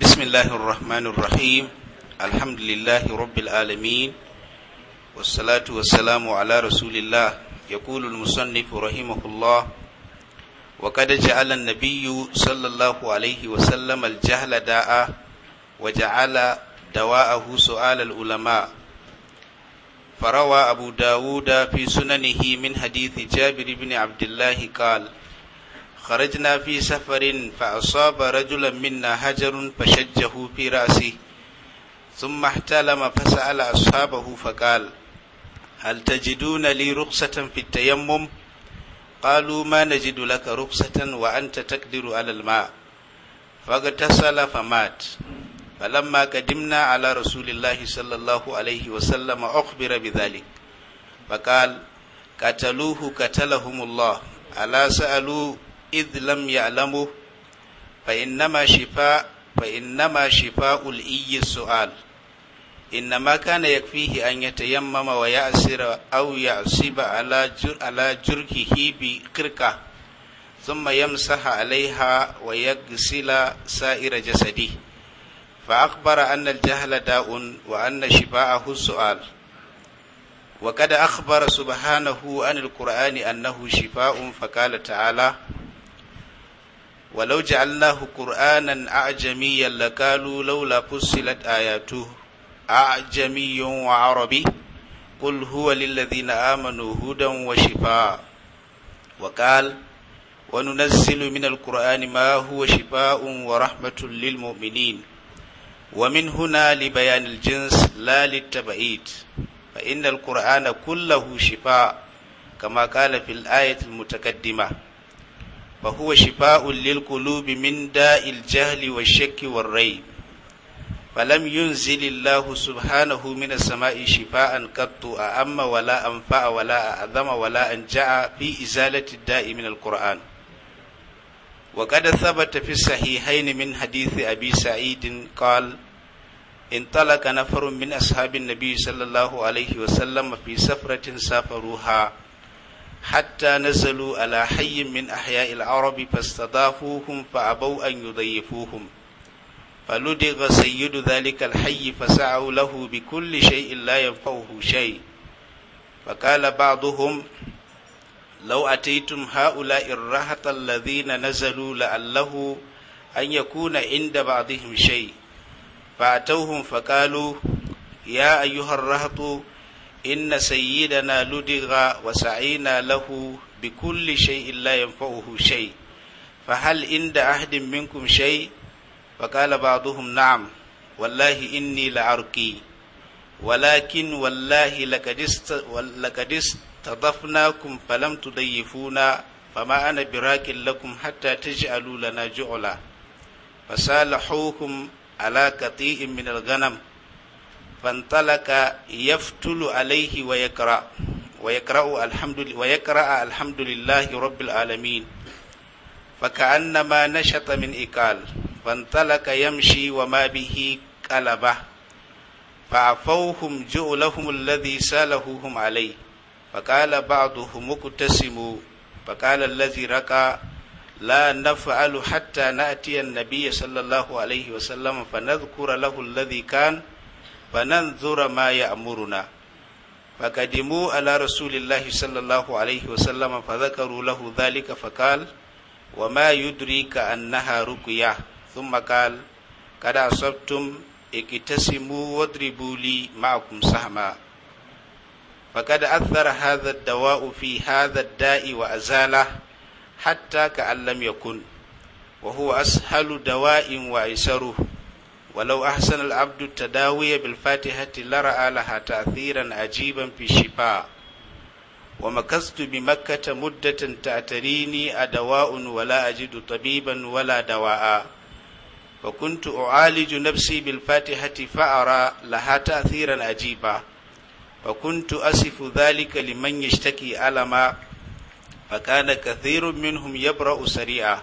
بسم الله الرحمن الرحيم الحمد لله رب العالمين والصلاة والسلام على رسول الله يقول المصنف رحمه الله وقد جعل النبي صلى الله عليه وسلم الجهل داء وجعل دواءه سؤال العلماء فروى أبو داود في سننه من حديث جابر بن عبد الله قال خرجنا في سفر فأصاب رجلا منا حجر فشجه في رأسه ثم احتلم فسأل أصحابه فقال هل تجدون لي رخصة في التيمم قالوا ما نجد لك رخصة وأنت تقدر على الماء فاغتسل فمات فلما قدمنا على رسول الله صلى الله عليه وسلم أخبر بذلك فقال قتلوه قتلهم الله ألا سألوه إذ لم يعلموا فإنما شفاء فإنما شفاء الإي السؤال إنما كان يكفيه أن يتيمم ويأسر أو يعصب على جر على جركه بقرقة ثم يمسح عليها ويغسل سائر جسده فأخبر أن الجهل داء وأن شفاءه السؤال وقد أخبر سبحانه عن القرآن أنه شفاء فقال تعالى ولو جعلناه قرآنا أعجميا لقالوا لولا فصلت آياته أعجمي وعربي قل هو للذين آمنوا هدى وشفاء وقال وننزل من القرآن ما هو شفاء ورحمة للمؤمنين ومن هنا لبيان الجنس لا للتبعيد فإن القرآن كله شفاء كما قال في الآية المتقدمة فهو شفاء للقلوب من داء الجهل والشك والريب فلم ينزل الله سبحانه من السماء شفاء قط أأم ولا أنفع ولا أعظم ولا أنجع في إزالة الداء من القرآن وقد ثبت في الصحيحين من حديث أبي سعيد قال انطلق نفر من أصحاب النبي صلى الله عليه وسلم في سفرة سافروها حتى نزلوا على حي من أحياء العرب فاستضافوهم فأبوا أن يضيفوهم فلدغ سيد ذلك الحي فسعوا له بكل شيء لا ينفعه شيء فقال بعضهم لو أتيتم هؤلاء الرهط الذين نزلوا لعله أن يكون عند بعضهم شيء فأتوهم فقالوا يا أيها الرهط inna sayyidana ludiga wa sa'ina lahu bi kulli shay'in la yanfa'uhu fa hal inda ahdin minkum shay fa qala ba'duhum na'am wallahi inni la'arqi walakin wallahi lakadist tadafnakum falam tudayifuna fama ana birakin lakum hatta taj'alu lana ju'la fasalahuhum ala qati'in min al fantalaka yaftulu alaihi wa yakra wa yakra alhamdulillah wa yakra alhamdulillah rabbil alamin fa ka'anna ma nashata min ikal fantalaka yamshi wa ma bihi qalaba fa afawhum ju'lahum alladhi salahuhum alai fa qala ba'duhum muktasimu fa qala alladhi raka لا نفعل حتى نأتي النبي صلى الله عليه وسلم فنذكر له الذي كان fanan zura ma ya amuruna fakadimu ala rasulillahi sallallahu alaihi wasallama fa zakaru lahu dhalika fa qal wa ma yudrika annaha ruqya thumma qal kada asabtum ikitasimu wadribu li ma'akum sahma فقد أثر هذا الدواء في هذا الداء وأزاله حتى كأن لم يكن وهو أسهل دواء وأيسره ولو أحسن العبد التداوي بالفاتحة لرأى لها تأثيرا عجيبا في الشفاء ومكثت بمكة مدة تأتريني أدواء ولا أجد طبيبا ولا دواء وكنت أعالج نفسي بالفاتحة فأرى لها تأثيرا عجيبا وكنت أصف ذلك لمن يشتكي ألما فكان كثير منهم يبرأ سريعا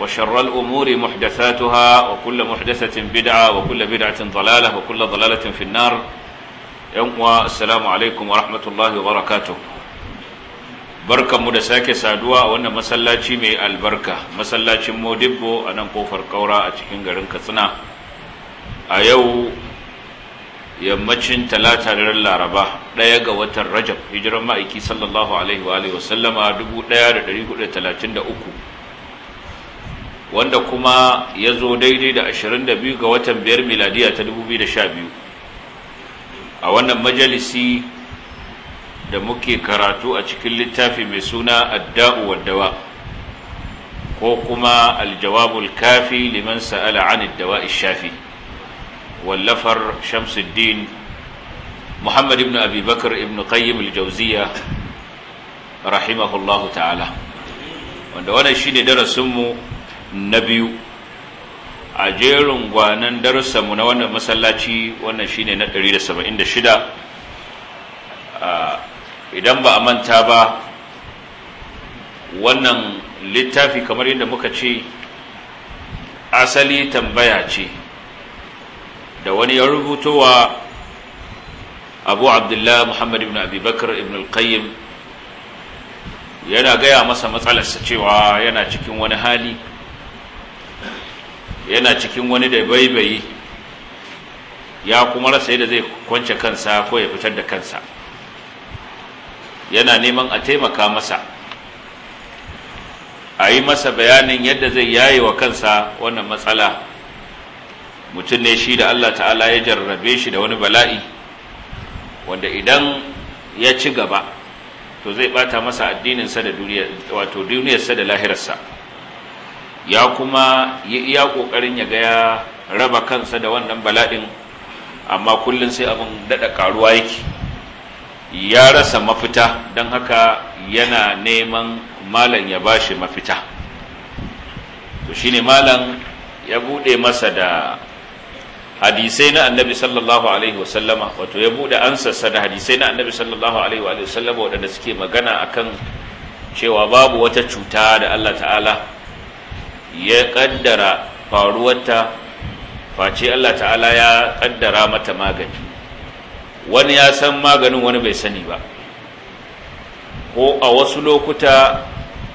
وشر الأمور محدثاتها وكل محدثة بدعة وكل بدعة ضلالة وكل ضلالة في النار يوم السلام عليكم ورحمة الله وبركاته بركة مدساك سادوا وانا مسلاتي مي البركة مسلاتي مودبو انا مقوفر كورا اتكين غرن كثنا ايو yammacin talata da laraba ɗaya ga watan rajab hijiran ma'aiki sallallahu alaihi wa alihi wasallama 1433 wanda kuma ya zo daidai da 22 ga watan biyar miladiya ta 2012 a wannan majalisi da muke karatu a cikin littafi mai suna adda'u waddawa ko kuma aljawabul kafi liman sa'ala an shafi wallafar shamsuddin muhammad ibn abubakar ibn qayyim aljawziya rahimahullahu ta'ala wanda wannan shine darasinmu na biyu a jerin gwanan darussanmu na wannan masallaci wannan ne na 176 idan ba a manta ba wannan littafi kamar yadda muka ce asali tambaya ce da wani ya rubutowa abu abdullahi muhammad ibn abubakar ibn al-qayyim yana gaya masa matsalarsa cewa yana cikin wani hali yana cikin wani da baibayi ya kuma rasa yadda zai kwance kansa ko ya fitar da kansa yana neman a taimaka masa a yi masa bayanin yadda zai yaye wa kansa wannan matsala mutum ne shi da Allah ta'ala ya jarrabe shi da wani bala'i wanda idan ya ci gaba to zai bata masa addininsa da duniyarsa da lahirarsa ya kuma ya iya kokarin ya gaya raba kansa da wannan bala'in amma kullum sai abin dada karuwa yake ya rasa mafita don haka yana neman malam ya ba shi mafita to shine malam ya bude masa da hadisai na annabi sallallahu alaihi wasallama wato ya bude ansarsa da hadisai na annabi sallallahu alaihi wasallama waɗanda suke magana akan cewa babu wata cuta da Allah ta'ala ya kaddara faruwarta face Allah ta'ala ya kaddara mata magani wani ya san maganin wani bai sani ba ko a wasu lokuta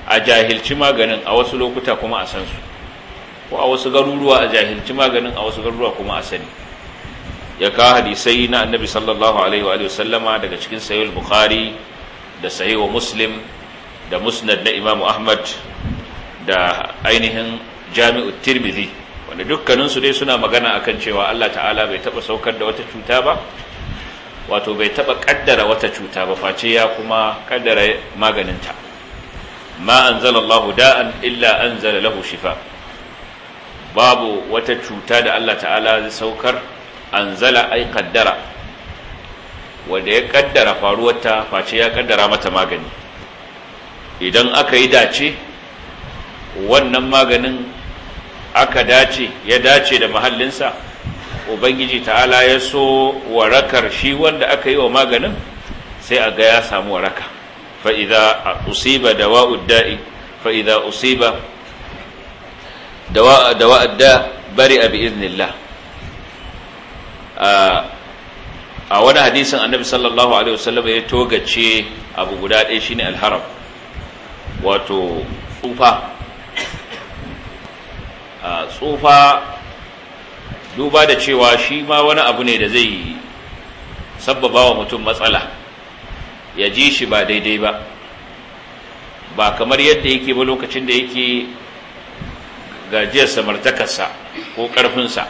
a jahilci maganin a wasu lokuta kuma a san su ko a wasu garuruwa a jahilci maganin a wasu garuruwa kuma a sani ya kawo hadisai na annabi sallallahu alaihi wa sallama daga cikin sahih bukhari da sahih muslim da musnad na imamu ahmad da ainihin jami'u tirmidhi wanda dukkaninsu dai suna magana akan cewa Allah ta'ala bai taba saukar da wata cuta ba wato bai taba kaddara wata cuta ba face ya kuma kaddara maganinta ma Allahu da'an illa anzala lahu shifa babu wata cuta da Allah ta'ala zai saukar anzala ai kaddara wanda ya kaddara faruwarta face ya kaddara mata magani idan aka yi dace wannan maganin aka dace ya dace da mahallinsa ubangiji ta'ala ya so warakar shi wanda aka yi wa maganin sai a ga ya samu waraka fa'iza usiba da wa'udda'i fa'iza usiba da wa'adda bari a bi'iznillah a wani hadisin annabi sallallahu alaihi wasallam ya togace abu guda ɗaya shine alharam wato tsufa tsufa duba da cewa shi ma wani abu ne da zai sabbaba wa mutum matsala ya ji shi ba daidai ba ba kamar yadda yake ba lokacin da yake gajiyar samartakarsa ko ƙarfinsa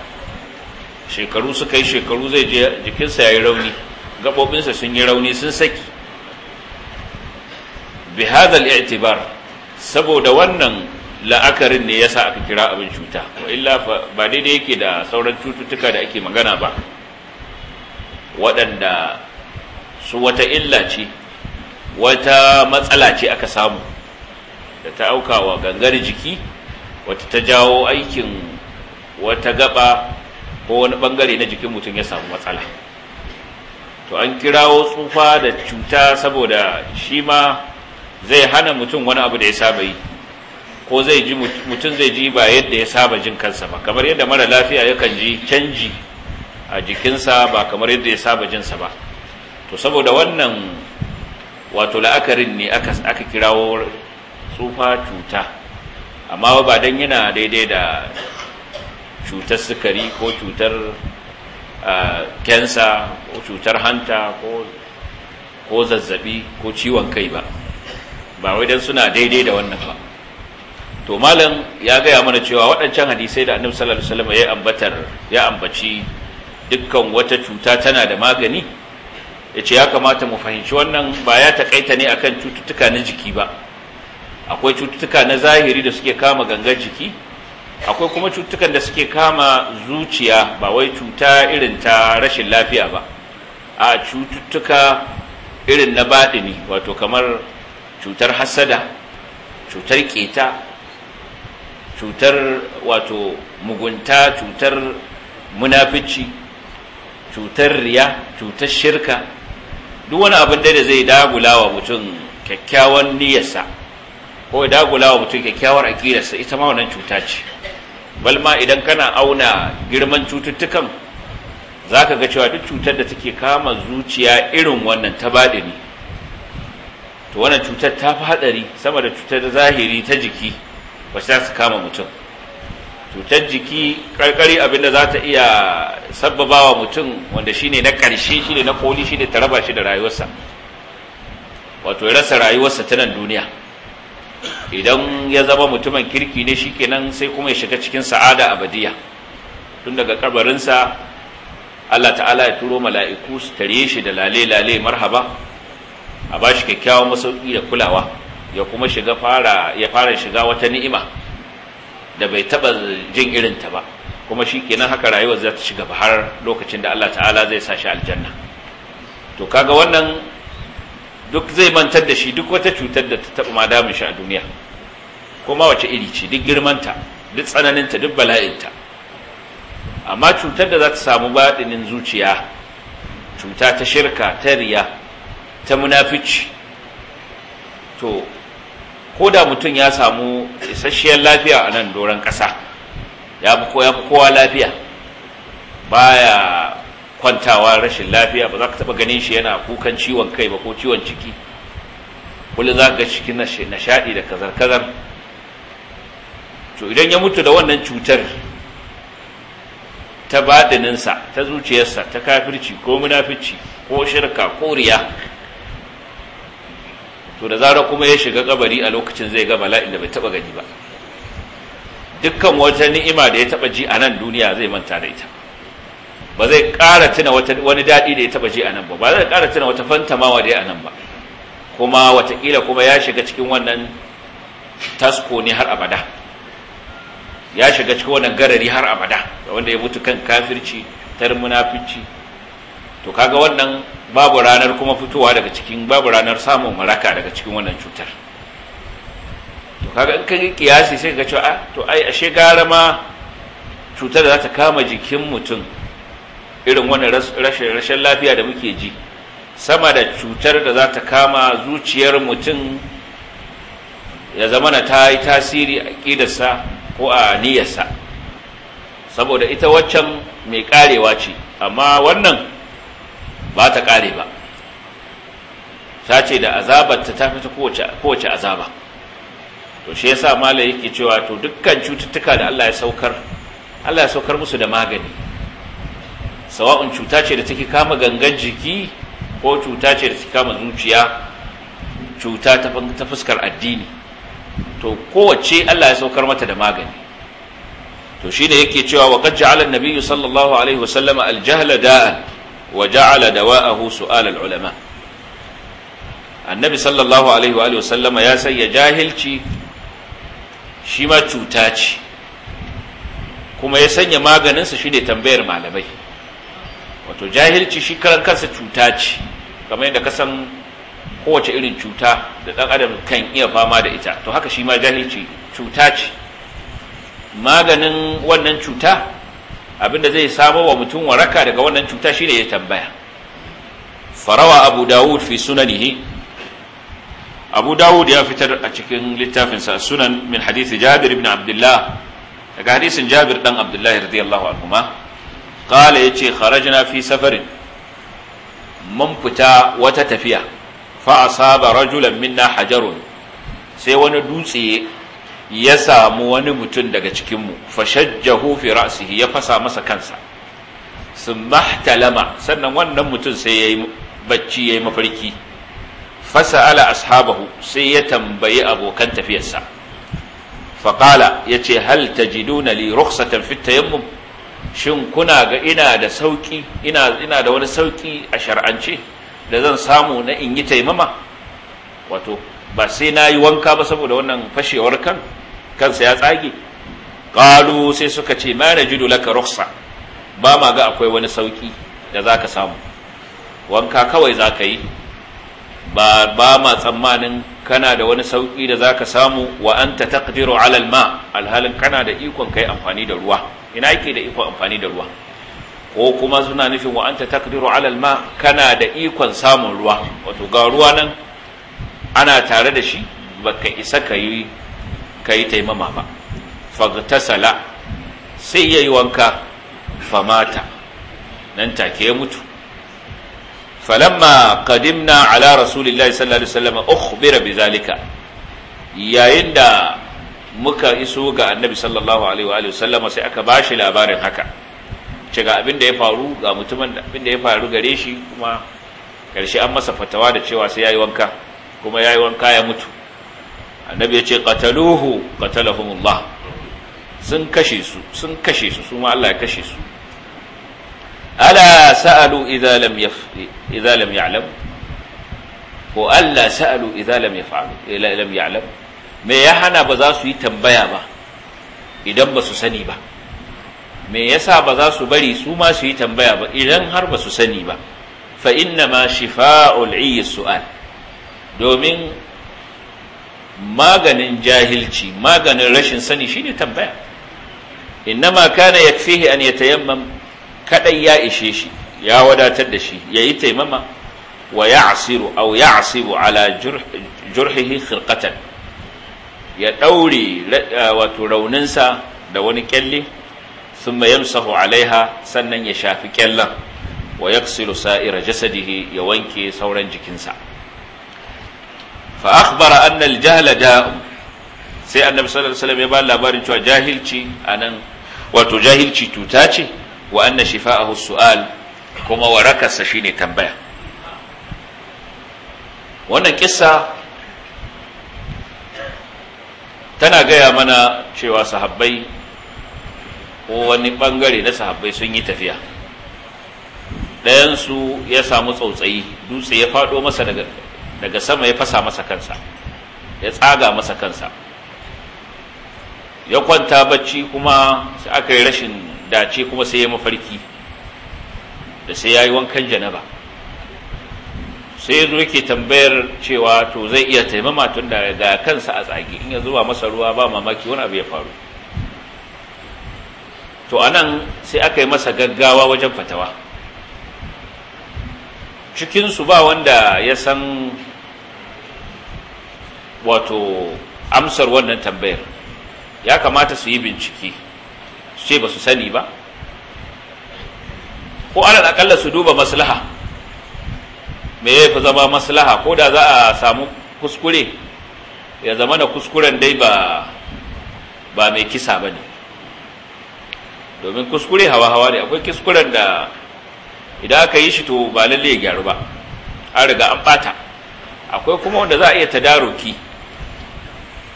shekaru suka yi shekaru zai je jikinsa ya yi rauni gaɓoɓinsa sun yi rauni sun saki bihadal i'tibar saboda wannan la'akarin ne yasa aka kira abin cuta wa illa ba daidai yake da sauran cututtuka da ake magana ba waɗanda su wata illa ce wata matsala ce aka samu da ta auka wa gangar jiki wata ta jawo aikin wata gaba ko wani bangare na jikin mutum ya samu matsala to an kirawo tsufa da cuta saboda shi ma zai hana mutum wani abu da ya saba yi ko zai ji mutum zai ji ba yadda ya saba jin kansa ba kamar yadda mara lafiya yakan ji canji a jikinsa ba kamar yadda ya saba jinsa ba to saboda wannan wato la'akarin ne aka kirawo tsufa cuta amma ba don yana daidai da cutar sukari ko cutar kensa ko cutar hanta ko zazzabi ko ciwon kai ba ba wai don suna daidai da wannan ba to malam ya gaya mana cewa waɗancan hadisai da annabi sallallahu alaihi wasallam ya ambatar ya ambaci dukkan wata cuta tana da magani yace ya kamata mu fahimci wannan ba ya takaita ne akan cututtuka na jiki ba akwai cututtuka na zahiri da suke kama gangar jiki akwai kuma cututtukan da suke kama zuciya ba wai cuta irin ta rashin lafiya ba a cututtuka irin na baɗini wato kamar cutar hassada, cutar keta cutar wato mugunta cutar munafici cutar riya cutar shirka duk wani abin da zai dagula wa mutum kyakkyawan niyyarsa ko dagula wa mutum kyakkyawar aƙidarsa ita ma wannan cuta ce balma idan kana auna girman cututtukan za ka ga cewa duk cutar da take kama zuciya irin wannan ta baɗini to wannan cutar ta fi haɗari sama da cutar zahiri ta jiki wacce za su kama mutum cutar jiki karkari abinda za ta iya sabbabawa mutum wanda shine na ƙarshe shine na koli shine ta raba shi da rayuwarsa wato rasa rayuwarsa ta nan duniya idan ya zama mutumin kirki ne shi shikenan sai kuma ya shiga cikin sa'ada abadiya tun daga kabarinsa Allah ta'ala ya turo mala'iku su tare shi da lale lale marhaba a bashi kyakkyawan masauki da kulawa ya kuma shiga fara ya fara shiga wata ni'ima da bai taba jin irin ta ba kuma shi shikenan haka rayuwar za ta shiga har lokacin da Allah ta'ala zai sa shi aljanna to kaga wannan duk zai mantar da shi duk wata cutar da ta taba ma mun shi a duniya kuma wace iri ce duk girmanta duk tsananinta duk bala'inta amma cutar da za ta samu baɗinin zuciya cuta ta shirka ta riya ta munafici to ko da mutum ya samu isasshiyar lafiya a nan doron ƙasa ya fi kowa lafiya ba ya kwantawa rashin lafiya ba za ka taɓa ganin shi yana kukan ciwon kai ba ko ciwon ciki kullum za ga cikin nishaɗi da kazar-kazar to idan ya mutu da wannan cutar ta baɗininsa ta zuciyarsa ta kafirci ko munafici ko shirka ko riya to da zarar kuma ya shiga kabari a lokacin zai ga mala'in da bai taba gani ba dukkan wata ni'ima da ya taba ji a nan duniya zai manta da ita ba zai ƙara tuna wani daɗi da ya taba ji a nan ba ba zai ƙara tuna wata fantamawa da ya a nan ba kuma watakila kuma ya shiga cikin wannan tasko ne har abada ya shiga cikin wannan garari har abada wanda ya mutu kan kafirci tar munafici to kaga wannan babu ranar kuma fitowa daga cikin babu ranar samun maraka daga cikin wannan cutar to kaga in kai kiyasi sai ka ce a ah, to ai ashe gara ma cutar da za ta kama jikin mutum irin wannan rashin rashin lafiya da muke ji sama da cutar da za ta kama zuciyar mutum ya zama na ta yi tasiri a ƙidarsa ko a niyyarsa saboda ita waccan mai karewa ce amma wannan ba ta kare ba ce da azabar ta tafi ta kowace azaba to shi sa malai yake cewa to dukkan cututtuka da Allah ya saukar Allah ya saukar musu da magani sawa'un cuta ce da take kama gangan jiki ko cuta ce da take kama zuciya cuta ta fuskar addini to kowace Allah ya saukar mata da magani to ne yake cewa wa qad ja'ala an-nabiyyu sallallahu alaihi wasallam al-jahla da'an wa ja'ala dawa'ahu su'al al-ulama annabi sallallahu alaihi wa sallama ya sanya jahilci shi ma cuta ce kuma ya sanya maganinsa shi ne tambayar malamai wato jahilci shi karan kansa cuta ce kamar yadda kasan kowace irin cuta da dan adam kan iya fama da ita to haka shi ma jahilci cuta ce maganin wannan cuta abinda zai samo wa mutum waraka daga wannan cuta shine ya tambaya farawa abu dawud fi sunanihi abu dawud ya fitar a cikin littafinsa sunan min hadisi jabir ibn abdullah daga hadisin jabir dan abdullahi radiyallahu anhuma qala yace kharajna fi safarin mun fita wata tafiya fa asaba rajulan minna hajarun sai wani dutse ya samu wani mutum daga cikinmu fashajjahu fi ra'sihi ya fasa masa kansa sun mahtalama sannan wannan mutum sai ya yi bacci ya yi mafarki fasa'ala ashabahu sai ya tambayi abokan tafiyarsa faƙala ya ce hal ta jiduna li rukhsatan fi tayammum shin kuna ga ina da sauki ina ina da wani sauki a shar'ance da zan samu na in yi taimama wato ba sai na yi wanka ba saboda wannan fashewar kan kansa ya tsage Ƙalu sai suka ce mana najidu laka ruksa. ba ma ga akwai wani sauƙi da za ka samu wanka kawai za ka yi ba ma tsammanin kana da wani sauƙi da za ka samu wa anta taqdiru ala alma alhalin kana da ikon kai amfani da ruwa ina yake da ikon amfani da ruwa ko kuma suna nufin wa anta taqdiru ala alma kana da ikon samun ruwa wato ga ruwa nan ana tare da shi baka isa ka yi ka yi taimama ba fagtasala sai ya yi wanka famata nan take ya mutu falamma qadimna ala rasulillahi sallallahu alaihi wasallam ukhbira bizalika yayin da muka iso ga annabi sallallahu alaihi wa sallama sai aka bashi labarin haka ce ga abin da ya faru ga mutumin abin da ya faru gare shi kuma karshe an masa fatawa da cewa sai yayi wanka kuma yayi wanka ya mutu annabi ya ce qataluhu qatalahumullah sun kashe su sun kashe su su ma Allah ya kashe su ala sa'alu idza lam yaf idza lam ya'lam ko alla sa'alu idza lam yaf'alu lam ya'lam me ya hana ba za su yi tambaya ba idan ba su sani ba me yasa ba za su bari su ma su yi tambaya ba idan har ba su sani ba fa inna ma shifa'ul 'iyyi su'al domin maganin jahilci maganin rashin sani shine tambaya innama kana yakfihi an yatayammam kadai ya ishe shi ya wadatar da shi yayi taimama wa ya'siru aw ya'sibu ala jurhihi khirqatan ya daure eh, wato rauninsa da wani kyalle thumma yamsahu alaiha sannan ya shafi kyallan wa yaksilu sa'ira jasadihi ya wanke sauran jikinsa fa akhbara anna al sai annabi sallallahu alaihi wasallam ya ba labarin cewa jahilci anan wato jahilci tuta ce wa anna shifa'ahu su'al kuma warakarsa shine tambaya wannan kissa tana gaya mana cewa sahabbai ko wani bangare na sahabbai sun yi tafiya ɗayansu ya samu tsautsayi dutse ya faɗo masa daga daga sama ya fasa masa kansa ya tsaga masa kansa ya kwanta bacci kuma sai aka yi rashin dace kuma sai ya mafarki da sai ya yi wankan janaba sai ya zo yake tambayar cewa to zai iya taimama tun da ga kansa a tsage in ya zuba masa ruwa ba mamaki wani abu ya faru to anan sai aka yi masa gaggawa wajen fatawa cikin su ba wanda ya san wato amsar wannan tambayar ya kamata su yi bincike su ce ba su sani ba ko alal akalla su duba maslaha me ya fi zama maslaha ko da za a samu kuskure ya zama na kuskuren dai ba ba mai kisa ba ne domin kuskure hawa-hawa ne akwai kuskuren da idan aka yi shi to ba lalle ya gyaru ba an riga an bata akwai kuma wanda za a iya tadaruki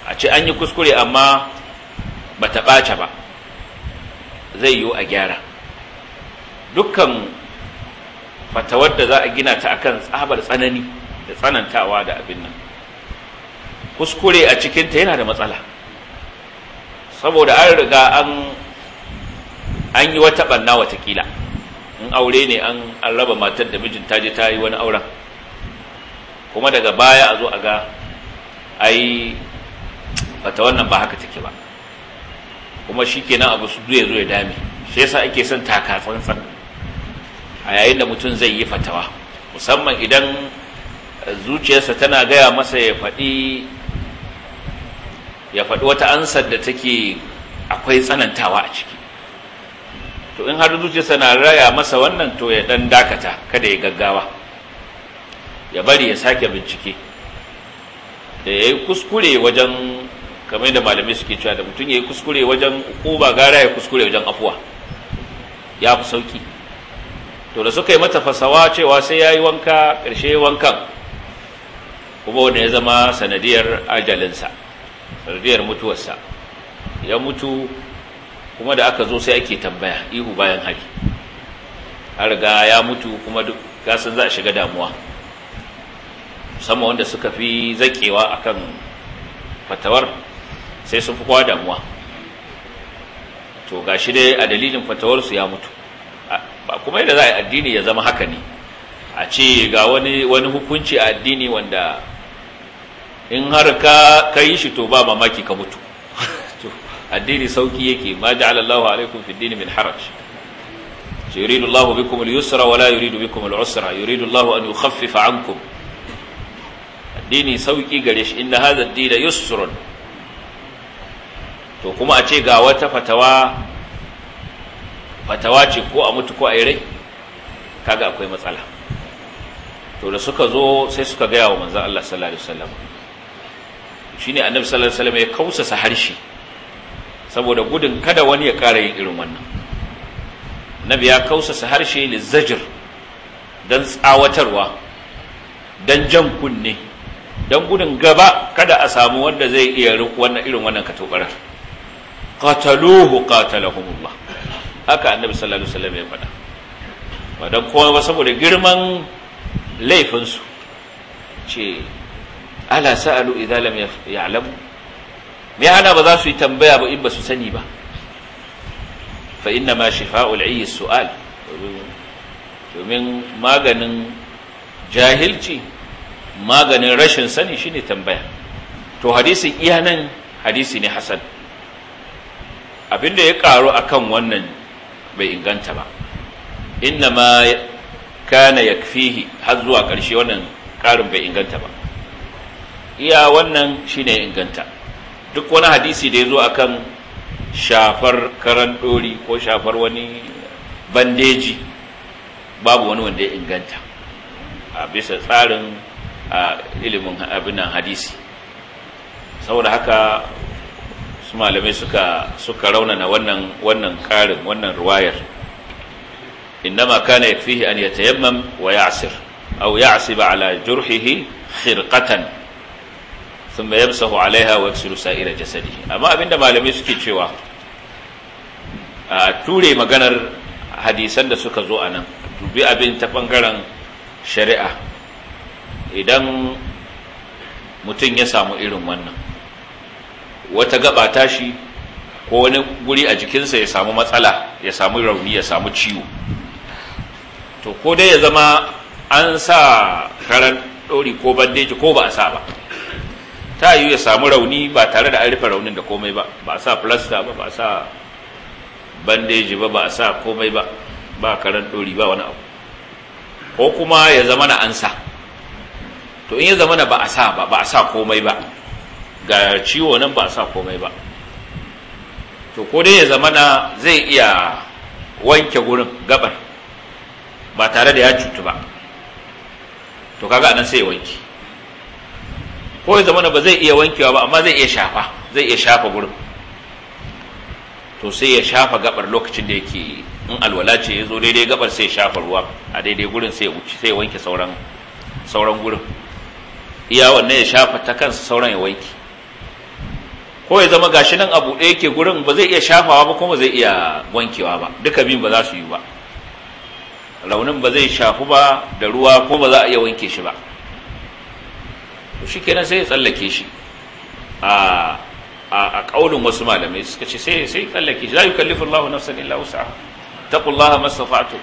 a ce an yi kuskure amma ba ta ɓace ba zai yiwu a gyara dukkan fatawar da za a gina ta akan tsabar tsanani da tsanantawa da abin nan kuskure a cikinta yana da matsala saboda an riga an yi wata ɓanna watakila in aure ne an raba matar da mijin ta ta yi wani auren kuma daga baya a zo a ga ai bata wannan ba haka take ba kuma shi kenan abu su ya zo ya dame shi yasa ake son taka tsantsan a yayin da mutum zai yi fatawa musamman idan zuciyarsa tana gaya masa ya faɗi ya faɗi wata ansar da take akwai tsanantawa a ciki to in har zuciyarsa na raya masa wannan to ya dan dakata kada ya gaggawa ya bari ya sake bincike da ya yi kuskure wajen kamar da malamai suke cewa da mutum ya yi kuskure wajen ƙuba gara ya kuskure wajen afuwa ya fi sauki to da suka yi mata fasawa cewa sai ya yi wanka ƙarshe wankan kuma wanda ya zama sanadiyar ajalinsa sanadiyar mutuwarsa ya mutu kuma da aka zo sai ake tambaya ihu bayan hari har ga ya mutu kuma duk gasan za a shiga damuwa sama wanda suka fi zakewa akan fatawar sai sun fi kowa damuwa to gashi dai a dalilin fatawarsu ya mutu ba kuma yadda za a addini ya zama haka ne a ce ga wani wani hukunci a addini wanda in har ka ka yi shi to ba mamaki ka mutu addini sauki yake ma ja'ala Allahu alaikum fid din min haraj yuridu Allahu bikum al-yusra wa la yuridu bikum al-usra yuridu Allahu an yukhaffifa ankum addini sauki gare shi inna hadha ad-din yusrun to kuma a ce ga wata fatawa fatawa ce ko a mutu ko a yi rai kaga akwai matsala to da suka zo sai suka gaya wa manzon Allah sallallahu alaihi wasallam shine annabi sallallahu alaihi wasallam ya kausa harshe saboda gudun kada wani ya ƙara yin irin wannan nabi ya kausasa harshe lizzajir don tsawatarwa don jan kunne don gudun gaba kada a samu wanda zai iya wannan irin wannan katobarar qataluhu qatalahumullah haka annabi sallallahu alaihi wasallam ya faɗa Wadan don ba saboda girman laifinsu ce ala sa'alu idza lam ya'lamu me hana ba za su yi tambaya ba in ba su sani ba fa inna ma shifa'ul ayyi su'al domin maganin jahilci maganin rashin sani shine tambaya to hadisin iya nan hadisi ne hasan abinda ya karu akan wannan bai inganta ba inna ma kana yakfihi har zuwa ƙarshe wannan ƙarin bai inganta ba iya wannan shine inganta duk wani hadisi da ya zo a kan shafar karan ɗori ko shafar wani bandeji babu wani wanda ya inganta a bisa tsarin ilimin abinan hadisi saboda haka su malamai suka suka raunana wannan wannan karin wannan ruwayar innama kana yakfihi an yatayammam wa ya'sir aw ya'siba ala jurhihi khirqatan thumma sahu alaiha wa yaksilu sa'ira jasadi amma abinda malamai suke cewa a ture maganar hadisan da suka zo a nan dubi abin ta bangaren shari'a idan mutum ya samu irin wannan wata gaba tashi ko wani guri a jikinsa ya samu matsala ya samu rauni ya samu ciwo to ko dai ya zama an sa karan ɗori ko bandeji ko ba a sa ba ta yi ya samu rauni ba tare da an rufe raunin da komai ba ba a sa plasta ba ba a sa bandeji ba ba a sa komai ba ba karan dori ba wani abu ko kuma ya zama na an sa to in ya zama na ba a sa ba ba a sa komai ba ga ciwo nan ba a sa komai ba to ko dai ya zama na zai iya wanke gurin gabar ba tare da ya cutu ba to kaga anan sai ya wanke ko ya zama ba zai iya wankewa ba amma zai iya shafa zai iya shafa gurin to sai ya shafa gabar lokacin da yake in alwala ce ya zo daidai gabar sai ya shafa ruwa a daidai gurin sai ya wuce sai ya wanke sauran sauran gurin iya wannan ya shafa ta kansa sauran ya wanke ko ya zama gashi nan abu da yake gurin ba zai iya shafawa ba kuma zai iya wankewa ba duka biyun ba za su yi ba raunin ba zai shafu ba da ruwa ko ba za a iya wanke shi ba shikenan sai ya tsallake shi a ƙaunin wasu malamai suka ce sai sai tsallake shi na sani Allahu nafsan illa wus'aha masu fato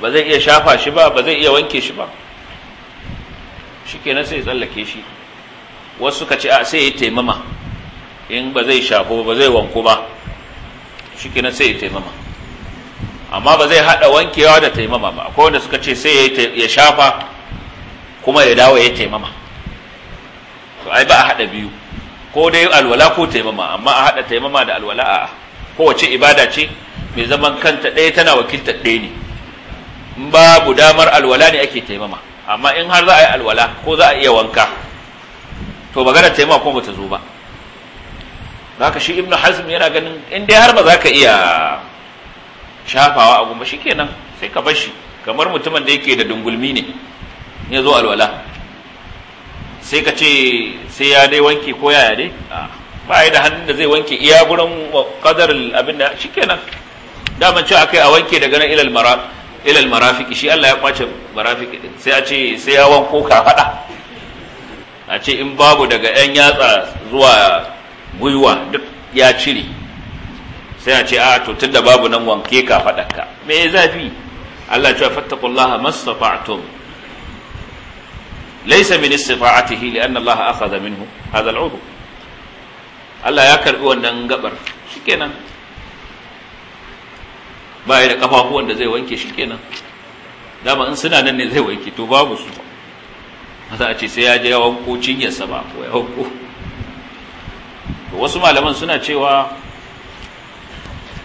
ba zai iya shafa shi ba ba zai iya wanke shi ba shikenan sai ya tsallake shi wasu suka ce a sai ya taimama in ba zai shafo ba zai wanko ba shikenan sai ya taimama amma ba zai haɗa wankewa da taimama ba akwai wanda suka ce sai ya shafa kuma ya dawo ya taimama to ai ba a haɗa biyu ko dai alwala ko taimama amma a haɗa taimama da alwala a kowace ibada ce mai zaman kanta ɗaya tana wakilta ɗaya ne babu damar alwala ne ake taimama amma in har za a yi alwala ko za a iya wanka to magana taimama ko bata zo ba zaka shi ibnu hazm yana ganin in dai har ba za ka iya shafawa a gumba shikenan sai ka bar shi kamar mutumin da yake da dungulmi ne ya zo alwala sai ka ce sai ya dai wanke ko yaya dai ba yi da hannun da zai wanke iya gurin kadar abin da shi kenan daman cewa akai a wanke daga nan ilal mara ilal marafiki shi Allah ya kwace marafiki din sai a ce sai ya wanko ka fada a ce in babu daga yan yatsa zuwa gwiwa duk ya cire sai a ce a tutun da babu nan wanke ka fada ka me zafi Allah ya ce fattaqullaha mastata'tum Laisa min istifa'atihi li anna Allah akhadha minhu hadha al'udhu Allah ya karbi wannan gabar shikenan ba ya da kafafuwan da zai wanke shikenan dama in suna nan ne zai wanke to babu su ba za a ce sai ya je ya wanko cinyarsa ba ko ya wanko wasu malaman suna cewa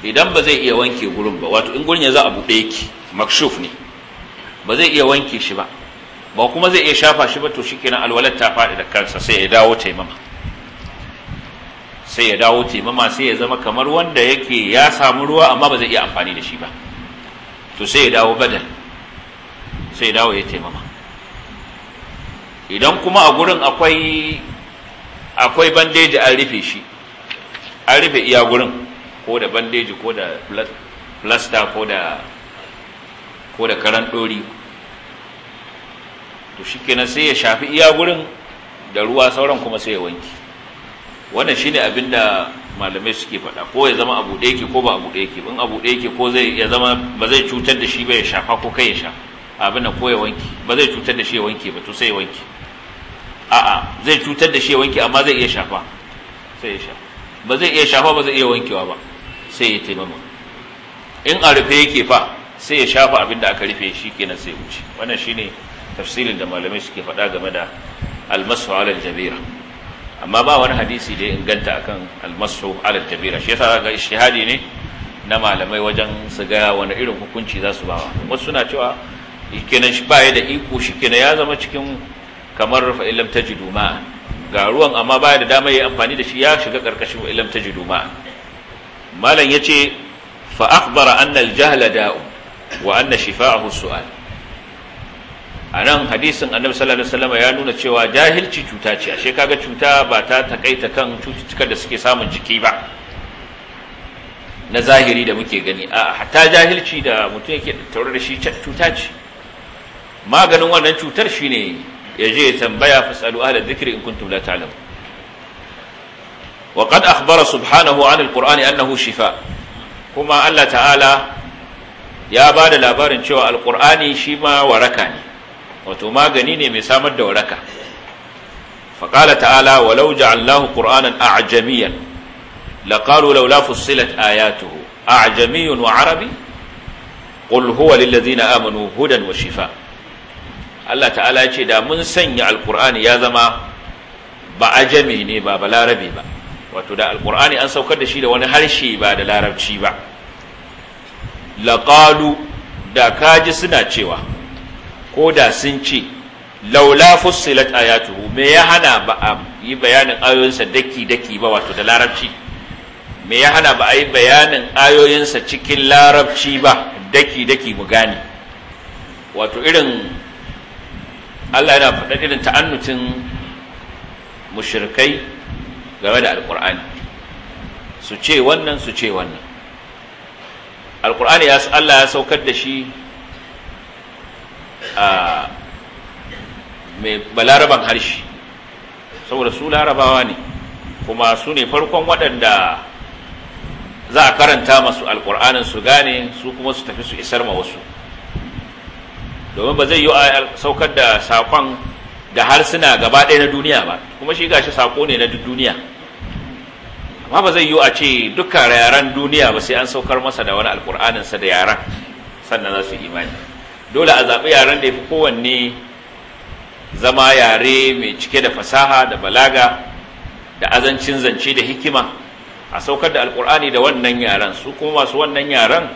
idan ba zai iya wanke gurin ba wato in gurin ya za a buɗe ki, makshuf ne ba zai iya wanke shi ba ba kuma zai iya shafa shi ba to shi kenan alwalar ta faɗi da kansa sai ya dawo taimama sai ya dawo taimama sai ya zama kamar wanda yake ya samu ruwa amma ba zai iya amfani da shi ba to sai ya dawo badal sai ya dawo ya taimama idan kuma a gurin akwai akwai bandeji an rufe shi an rufe iya gurin ko da bandeji ko da plaster ko da ko da karan dori to kenan sai ya shafi iya gurin da ruwa sauran kuma sai ya wanki wannan shine abin da malamai suke faɗa ko ya zama abu ɗaya yake ko ba abu ɗaya yake in abu ɗaya yake ko zai ya zama ba zai cutar da shi ba ya shafa ko kai ya sha abin da ko ya wanki ba zai cutar da shi ya wanki ba to sai ya wanki a'a zai cutar da shi ya wanki amma zai iya shafa sai ya sha ba zai iya shafa ba zai iya wankewa ba sai ya taimama in a rufe yake fa sai ya shafa abin da aka rufe shi kenan sai wuce wannan shine ne tafsirin da malamai suke faɗa game da almasu alal jabira amma ba wani hadisi da ya inganta akan almasu alal jabira shi yasa ga ne na malamai wajen su ga wani irin hukunci za su bawa wasu suna cewa kenan shi baya da iko shi kenan ya zama cikin kamar fa illam tajidu ma ga ruwan amma baya da dama yayi amfani da shi ya shiga karkashin illam tajidu ma malam yace fa akhbara anna al-jahla da'u wa anna shifa'ahu su'al a nan hadisin annabi sallallahu alaihi wasallam ya nuna cewa jahilci cuta ce ashe kaga cuta ba ta takaita kan cututtukan da suke samun jiki ba na zahiri da muke gani a hatta jahilci da mutum yake tattare da shi cuta ce maganin wannan cutar shine ya je ya tambaya fasalu ahla dhikri in kuntum la ta'lamun wa qad akhbara subhanahu an alqur'ani annahu shifa kuma Allah ta'ala ya ba da labarin cewa alqur'ani shi ma waraka ne wato magani ne mai samar da waraka faƙala ta'ala walau ja'alnahu qur'anan a'jamiyan laqalu laula fussilat ayatuhu a'jamiyyun wa arabi qul huwa lil ladzina amanu hudan wa shifa Allah ta'ala ya ce da mun sanya alqur'ani ya zama ba ajami ne ba ba wato da alqur'ani an saukar da shi da wani harshe ba da larabci ba laqalu da kaji suna cewa ko da sun ce laula fussilat ayatuhu me ya hana ba a yi bayanin ayoyinsa daki daki ba wato da larabci me ya hana ba a yi bayanin ayoyinsa cikin larabci ba daki daki mu gane wato irin Allah yana faɗa irin ta'annutin mushrikai game da Alƙur'ani? su ce wannan su ce wannan alqur'ani ya Allah ya saukar da shi mai balaraban harshe saboda su larabawa ne kuma su ne farkon waɗanda za a karanta masu alƙur'anin su gane su kuma su tafi su isar ma wasu domin ba zai yi a saukar da saƙon har harsuna gaba ɗaya na duniya ba kuma shi gashi saƙo ne na duk duniya amma ba zai yi a ce dukkan yaren duniya ba sai an saukar masa da wani alƙur'aninsa da yaren sannan za su imani dole a zaɓi yaren da ya fi kowanne zama yare mai cike da fasaha da balaga da azancin zance da hikima a saukar da alkur'ani da wannan yaren su kuma masu wannan yaren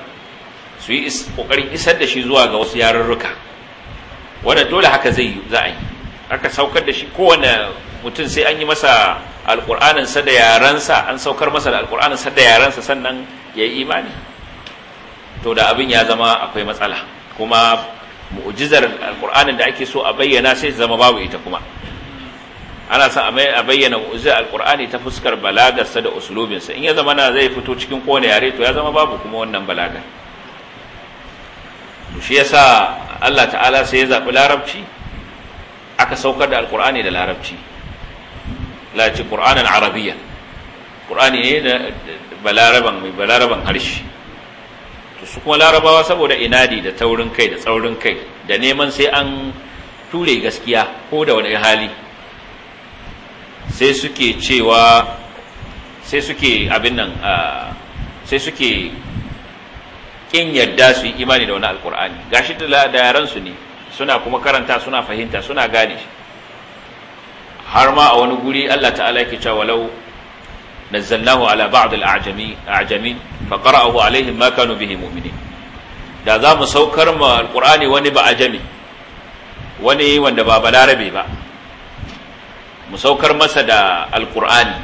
su yi ƙoƙarin isar da shi zuwa ga wasu yarurruka wadda dole haka zai za a yi aka saukar da shi kowane mutum sai an yi masa alkur'aninsa da yarensa an saukar masa da alkur'aninsa da yarensa sannan ya yi imani to da abin ya zama akwai matsala kuma mu'jizar alqur'anin da ake so a bayyana sai zama babu ita kuma ana son a bayyana mu'jizar alqur'ani ta fuskar balagarsa da uslubinsa in ya zama na zai fito cikin kowane yare to ya zama babu kuma wannan balagar shi yasa Allah ta'ala sai ya zabi larabci aka saukar da alqur'ani da larabci la ci qur'anan arabiyyan qur'ani ne da balaraban mai balaraban harshe su kuma larabawa saboda inadi da taurin kai da tsaurin kai da neman sai an ture gaskiya ko da wani hali sai suke cewa sai suke abin nan sai suke kin yarda su yi imani da wani alkur'ani gashi da yaran ne suna kuma karanta suna fahimta suna gane har ma a wani guri Allah ta'ala yake cewa walau nazzalnahu ala ba'd al-a'jami a'jamin fa qara'ahu alaihim ma mu'minin da za mu saukar ma alƙur'ani wani ba jami wani wanda ba balarabe ba mu saukar masa da alƙur'ani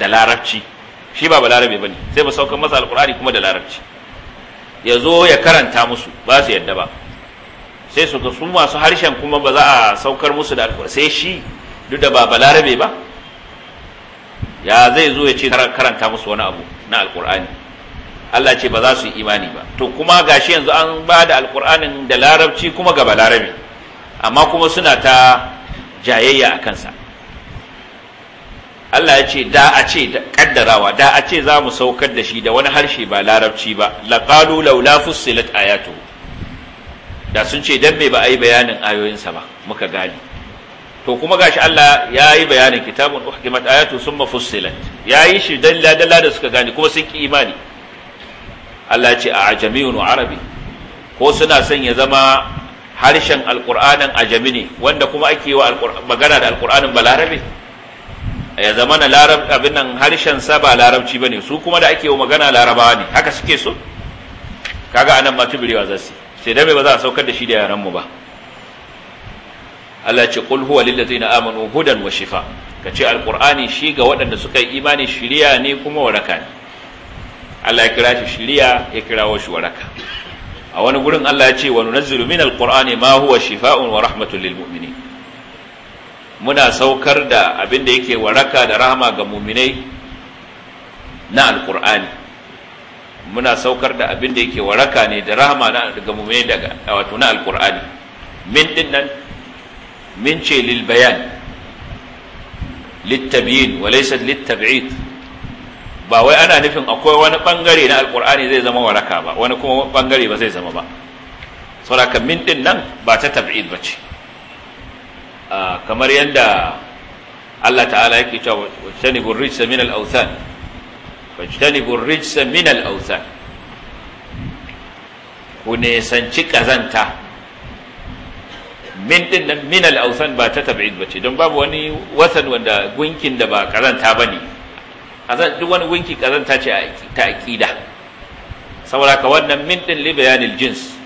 da larabci shi ba balarabe ne sai mu saukar masa alƙur'ani kuma da larabci ya zo ya karanta musu ba su yadda ba sai su ga su masu harshen kuma ba za a saukar musu da alƙur'ani sai shi duk da ba balarabe ba ya zai zo ya ce karanta musu wani abu na alkur'ani Allah ce ba za su yi imani ba to kuma gashi yanzu an ba da alkur'anin da larabci kuma gaba larabi amma kuma suna ta jayayya a kansa Allah ya ce da a ce kaddarawa da a ce za mu saukar da shi da wani harshe ba larabci ba laqalu laula fussilat ayatu da sun ce dan me ba ai bayanin ayoyinsa ba muka gane to kuma gashi Allah ya yi bayanin kitabun uhkimat ayatu summa fussilat ya yi shi dalla dalla da suka gane kuma sun ki imani Allah ya ce a ajamiyun wa arabi ko suna son ya zama harshen alqur'anin ajami ne wanda kuma ake yi wa magana da alqur'anin ba larabe ya zama na larab abin nan harshen sa ba larabci bane su kuma da ake yi wa magana larabawa ne haka suke so kaga anan ma tubirewa zasu sai dai ba za a saukar da shi da yaran mu ba Allah ce qul huwa lil ladzina amanu hudan wa shifa kace alqur'ani shi ga waɗanda suka yi imani shiriya ne kuma waraka ne Allah ya kira shi shiriya ya kirawo shi waraka a wani gurin Allah ya ce wa nunazzilu min alqur'ani ma huwa shifaa'un wa rahmatun lil mu'minin muna saukar da abin da yake waraka da rahama ga mu'minai na alqur'ani muna saukar da abin da yake waraka ne da rahama na ga mu'minai daga wato na alqur'ani min din nan min ce lil bayan littabiyin walaisar ba wai ana nufin akwai wani bangare na alkur'ani zai zama waraka ba wani kuma bangare ba zai zama ba sauraka min din nan ba ta tab'id ba ce kamar yadda Allah ta'ala yake cewa wajtanibu rijsa min al-awthan wajtanibu rijsa min al-awthan ku ne sanci kazanta min din nan min al-awsan ba ta ba ce, don babu wani wasan wanda gunkin da ba karanta bane azan duk wani gunki karanta ce ta aqida saboda ka wannan min din li bayanil jins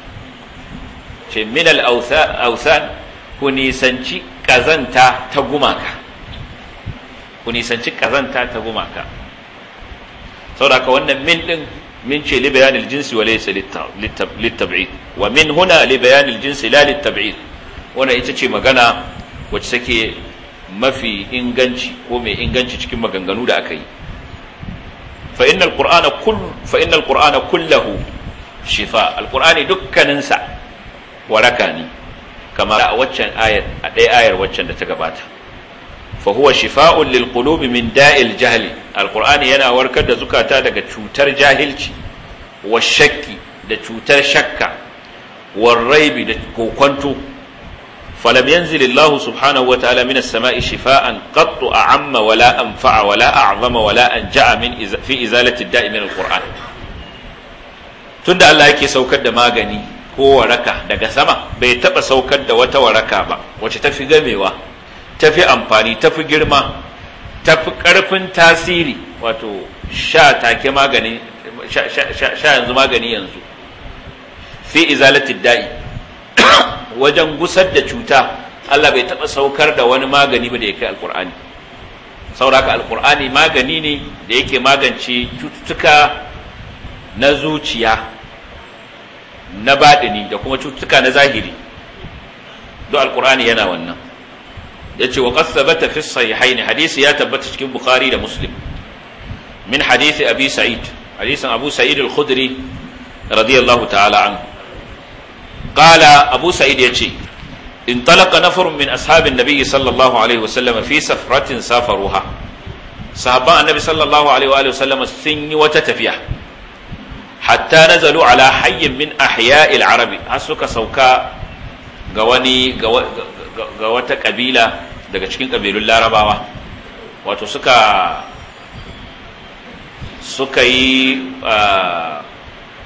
ce min al-awsan ku nisanci kazanta ta gumaka ku nisanci kazanta ta gumaka saboda ka wannan min din من شيء لبيان الجنس وليس للتبعيد ومن هنا لبيان الجنس لا للتبعيد wannan ita ce magana wacce take mafi inganci ko mai inganci cikin maganganu da aka yi fa innal kullahu shifa alqur'ani dukkaninsa waraka ne kamar a waccan ayar a ɗaya ayar waccan da ta gabata Fahuwa huwa shifa'un lil min da'il jahli alqur'ani yana warkar da zukata daga cutar jahilci wa shakki da cutar shakka war raibi da kokwanto falam yanzil Allah subhanahu wa mina min as-sama'i shifaan qattu a'amma wala anfa'a wala a'zama wala anja'a min fi izalati da'i min al-Qur'an tunda Allah yake saukar da magani ko waraka daga sama bai taɓa saukar da wata waraka ba wacce tafi gamewa tafi amfani tafi girma tafi karfin tasiri wato sha take yanzu magani yanzu fi izalati da'i wajen gusar da cuta Allah bai taɓa saukar da wani magani ba da ya kai alkur'ani sauraka alkur'ani magani ne da yake magance cututtuka na zuciya na baɗini da kuma cututtuka na zahiri duk alƙur'ani yana wannan ya ce wa ƙasabata fi sahihaini hadisi ya tabbata cikin bukhari da muslim min hadisi abi sa'id hadisin abu sa'id al-khudri radiyallahu ta'ala anhu qala abu sa'id yace intalaqa nafarun min ashabin nabi safaruha sahabban annabi sun yi wata tafiya hatta nazalu ala hayyin min ahya'il arabi har suka sauka ga wata daga cikin ƙabilun larabawa wato suka suka yi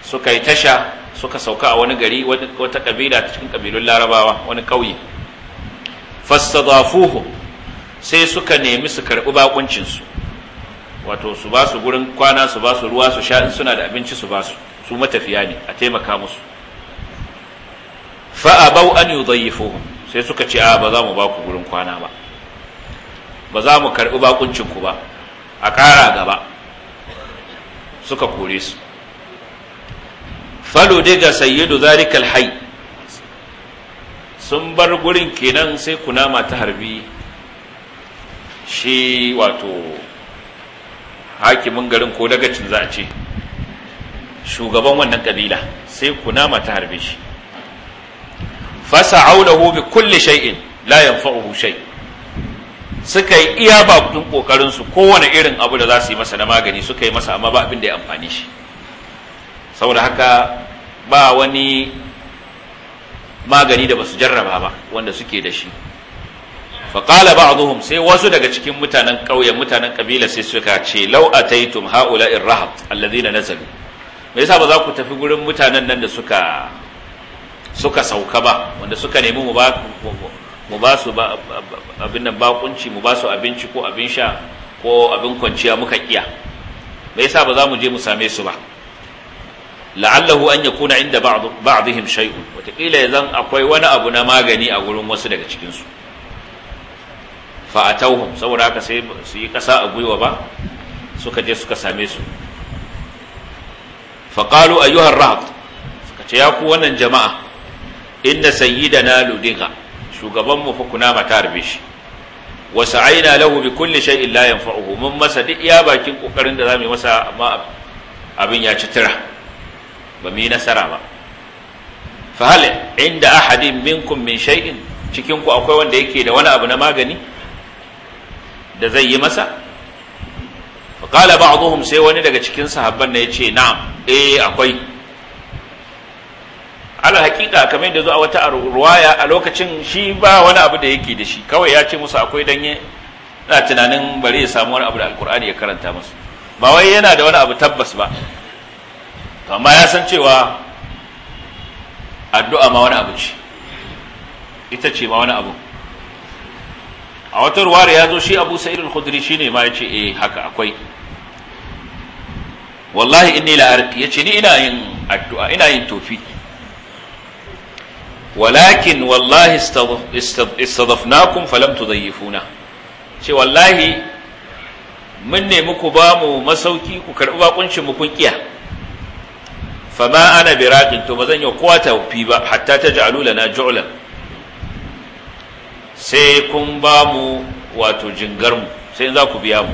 suka yi tasha suka sauka a wani gari wata kabila ta cikin kabilun larabawa wani kauye fastadafuhu sai suka nemi su karbi bakuncin su wato su ba su gurin kwana su ba su ruwa su sha in suna da abinci su ba su su matafiya ne a taimaka musu fa abau an yudayifuhu sai suka ce a ba za mu ba ku gurin kwana ba ba za mu karbi bakuncin ku ba a kara gaba suka kore su falo dai ga sayyidu zarikal hai. sun bar gurin kenan sai kunama ta harbi shi wato hakimin garin ko dagacin za a ce shugaban wannan kabila sai kunama ta harbe shi Fasa fasa'aulahu bi kulli shay'in la yanfa'uhu shay suka yi iya babun kokarin su kowane irin abu da za su yi masa na magani suka yi masa amma ba abin da ya amfani shi saboda haka ba wani magani da basu jarraba ba wanda suke da shi faƙala ba a sai wasu daga cikin mutanen ƙauyen mutanen ƙabila sai suka ce lau a taitum ha'ula in rahat allazina nazalu me yasa ba za ku tafi gurin mutanen nan da suka suka sauka ba wanda suka nemi mu ba mu ba su abin nan bakunci mu ba su abinci ko abin sha ko abin kwanciya muka iya me yasa ba za mu je mu same su ba la'allahu an yakuna inda ba'dihim shay'un wataƙila yanzan akwai wani abu na magani a gurin wasu daga cikin su fa atawhum saboda haka sai su yi kasa a gwiwa ba suka je suka same su fa qalu ayyuha rahat suka ce ya ku wannan jama'a inna sayyidana ludiga shugaban mu fa kunama ta harbe shi wa sa'ayna lahu bi kulli shay'in la yanfa'uhu mun masa duk iya bakin kokarin da zamu masa amma abin ya ci tira ba mu yi nasara ba fa hal inda ahadin minkum min shay'in cikin ku akwai wanda yake da wani abu na magani da zai yi masa fa qala ba'dhum sai wani daga cikin sahabban ne yace na'am eh akwai ala hakika kamar da zo a wata ruwaya a lokacin shi ba wani abu da yake da shi kawai ya ce musu akwai danye na tunanin bari ya samu wani abu da alkur'ani ya karanta musu ba wai yana da wani abu tabbas ba to amma ya san cewa addu'a ma wani abu ce ita ce ma wani abu a wata ruwar ya zo shi abu sa'id al-khudri shine ma ce eh haka akwai wallahi inni la ya ce ni ina yin addu'a ina yin tofi walakin wallahi istadafnakum falam tudayifuna ce wallahi mun ne muku ba mu masauki ku karɓi bakuncin mu kun kiya fama ana biraqin to ba zan yi kowa fi ba hatta taj'alu lana ju'lan sai kun ba mu wato jingar mu sai za ku biya mu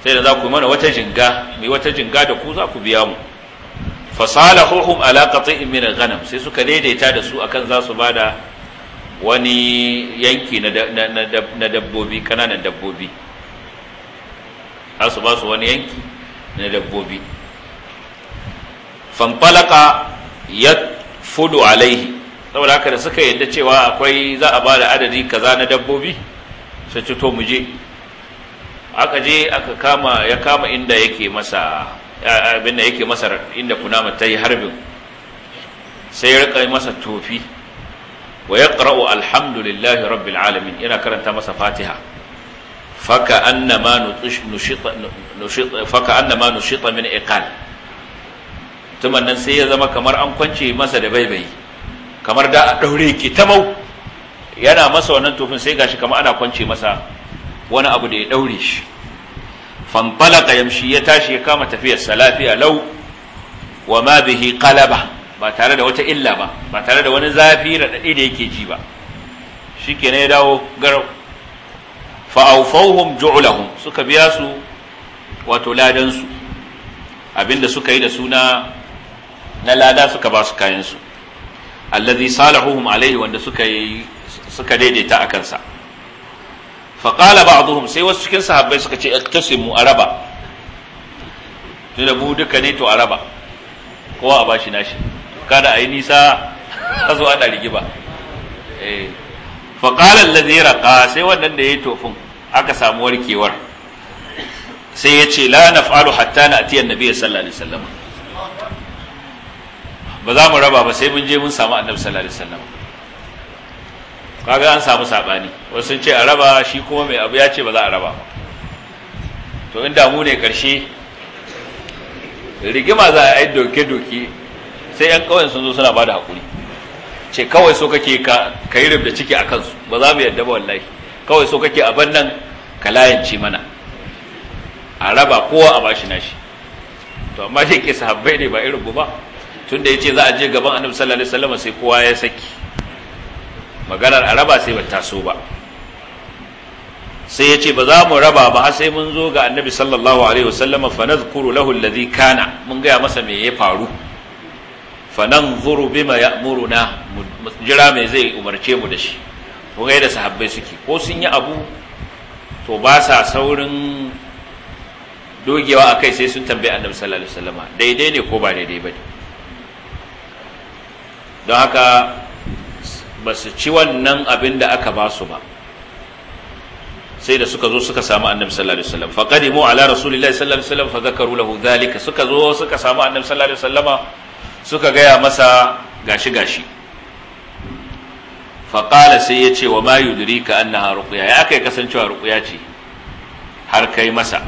sai da za ku mana wata jinga mai wata jinga da ku za ku biya mu fasalahuhum ala qati'in min al-ghanam sai suka daidaita da su akan za su bada wani yanki na dabbobi kananan dabbobi za su ba su wani yanki na dabbobi fanfalaka ya fudu alaihi saboda haka da suka yadda cewa akwai za a ba da adadi kaza na dabbobi sai ce mu je aka je aka kama ya kama inda yake masa abin yake masa inda kunama ta yi harbin sai ya rika masa tofi wa ya ƙara'u alhamdulillahi rabbil alamin yana karanta masa fatiha faka annama nushita min iqal mutumin nan sai ya zama kamar an kwance masa da baibayi kamar da a daure ta tamau yana masa wannan tufin sai gashi kamar ana kwance masa wani abu da ya daure shi fanfalaka yamshi ya tashi ya kama tafiyar salafiya lau wa ma bihi qalaba ba tare da wata illa ba ba tare da wani zafi raɗaɗi da yake ji ba shikenan ya dawo garau Fa awfawhum ju'lahum suka biya su wato ladan su abinda suka yi da suna na lada suka ba su kayansu. su allazi salahuhum alaihi wanda suka yi suka daidaita akan sa fa qala sai wasu cikin sahabbai suka ce iqtasimu araba tunda mu duka ne to araba kowa a bashi nashi kada a yi nisa a zo ana rigiba eh fa qala allazi sai wannan da ya yi tofin aka samu warkewar sai ya ce la naf'alu hatta na'tiya annabi sallallahu alaihi wasallam ba za mu raba ba sai mun je mun samu annabi sallallahu alaihi wasallam kaga an samu sabani wasu sun ce a raba shi kuma mai abu ya ce ba za a raba to inda mu ne karshe rigima za a yi doke doke sai yan kawai sun zo suna bada hakuri ce kawai so kake ka kai rubda ciki a kansu ba za mu yadda ba wallahi kawai so kake ban nan ka layance mana a raba kowa a bashi nashi to amma shi ke sahabbai ne ba irin ba tunda ce za a je gaban annabi sallallahu alaihi wasallam sai kowa ya saki maganar araba sai ba taso ba sai ya ce ba za mu raba ba har sai mun zo ga annabi sallallahu alaihi wasallam fa nadhkuru lahu alladhi kana mun ga masa me ya faru fa nanzuru bima ya'muruna jira me zai umarce mu da shi ko ga da sahabbai suke ko sun yi abu to ba sa saurin dogewa akai sai sun tambayi annabi sallallahu alaihi wasallama daidai ne ko ba daidai ne? don haka ba su ci wannan abin da aka ba su ba sai da suka zo suka samu annabi sallallahu alaihi wasallam faqadimu ala rasulillahi sallallahu alaihi wasallam fa zakaru lahu dhalika suka zo suka samu annabi sallallahu alaihi wasallama suka gaya masa gashi gashi faqala sai ya ce wa ma yudrika annaha ruqya ya kai kasancewa ruqya ce har kai masa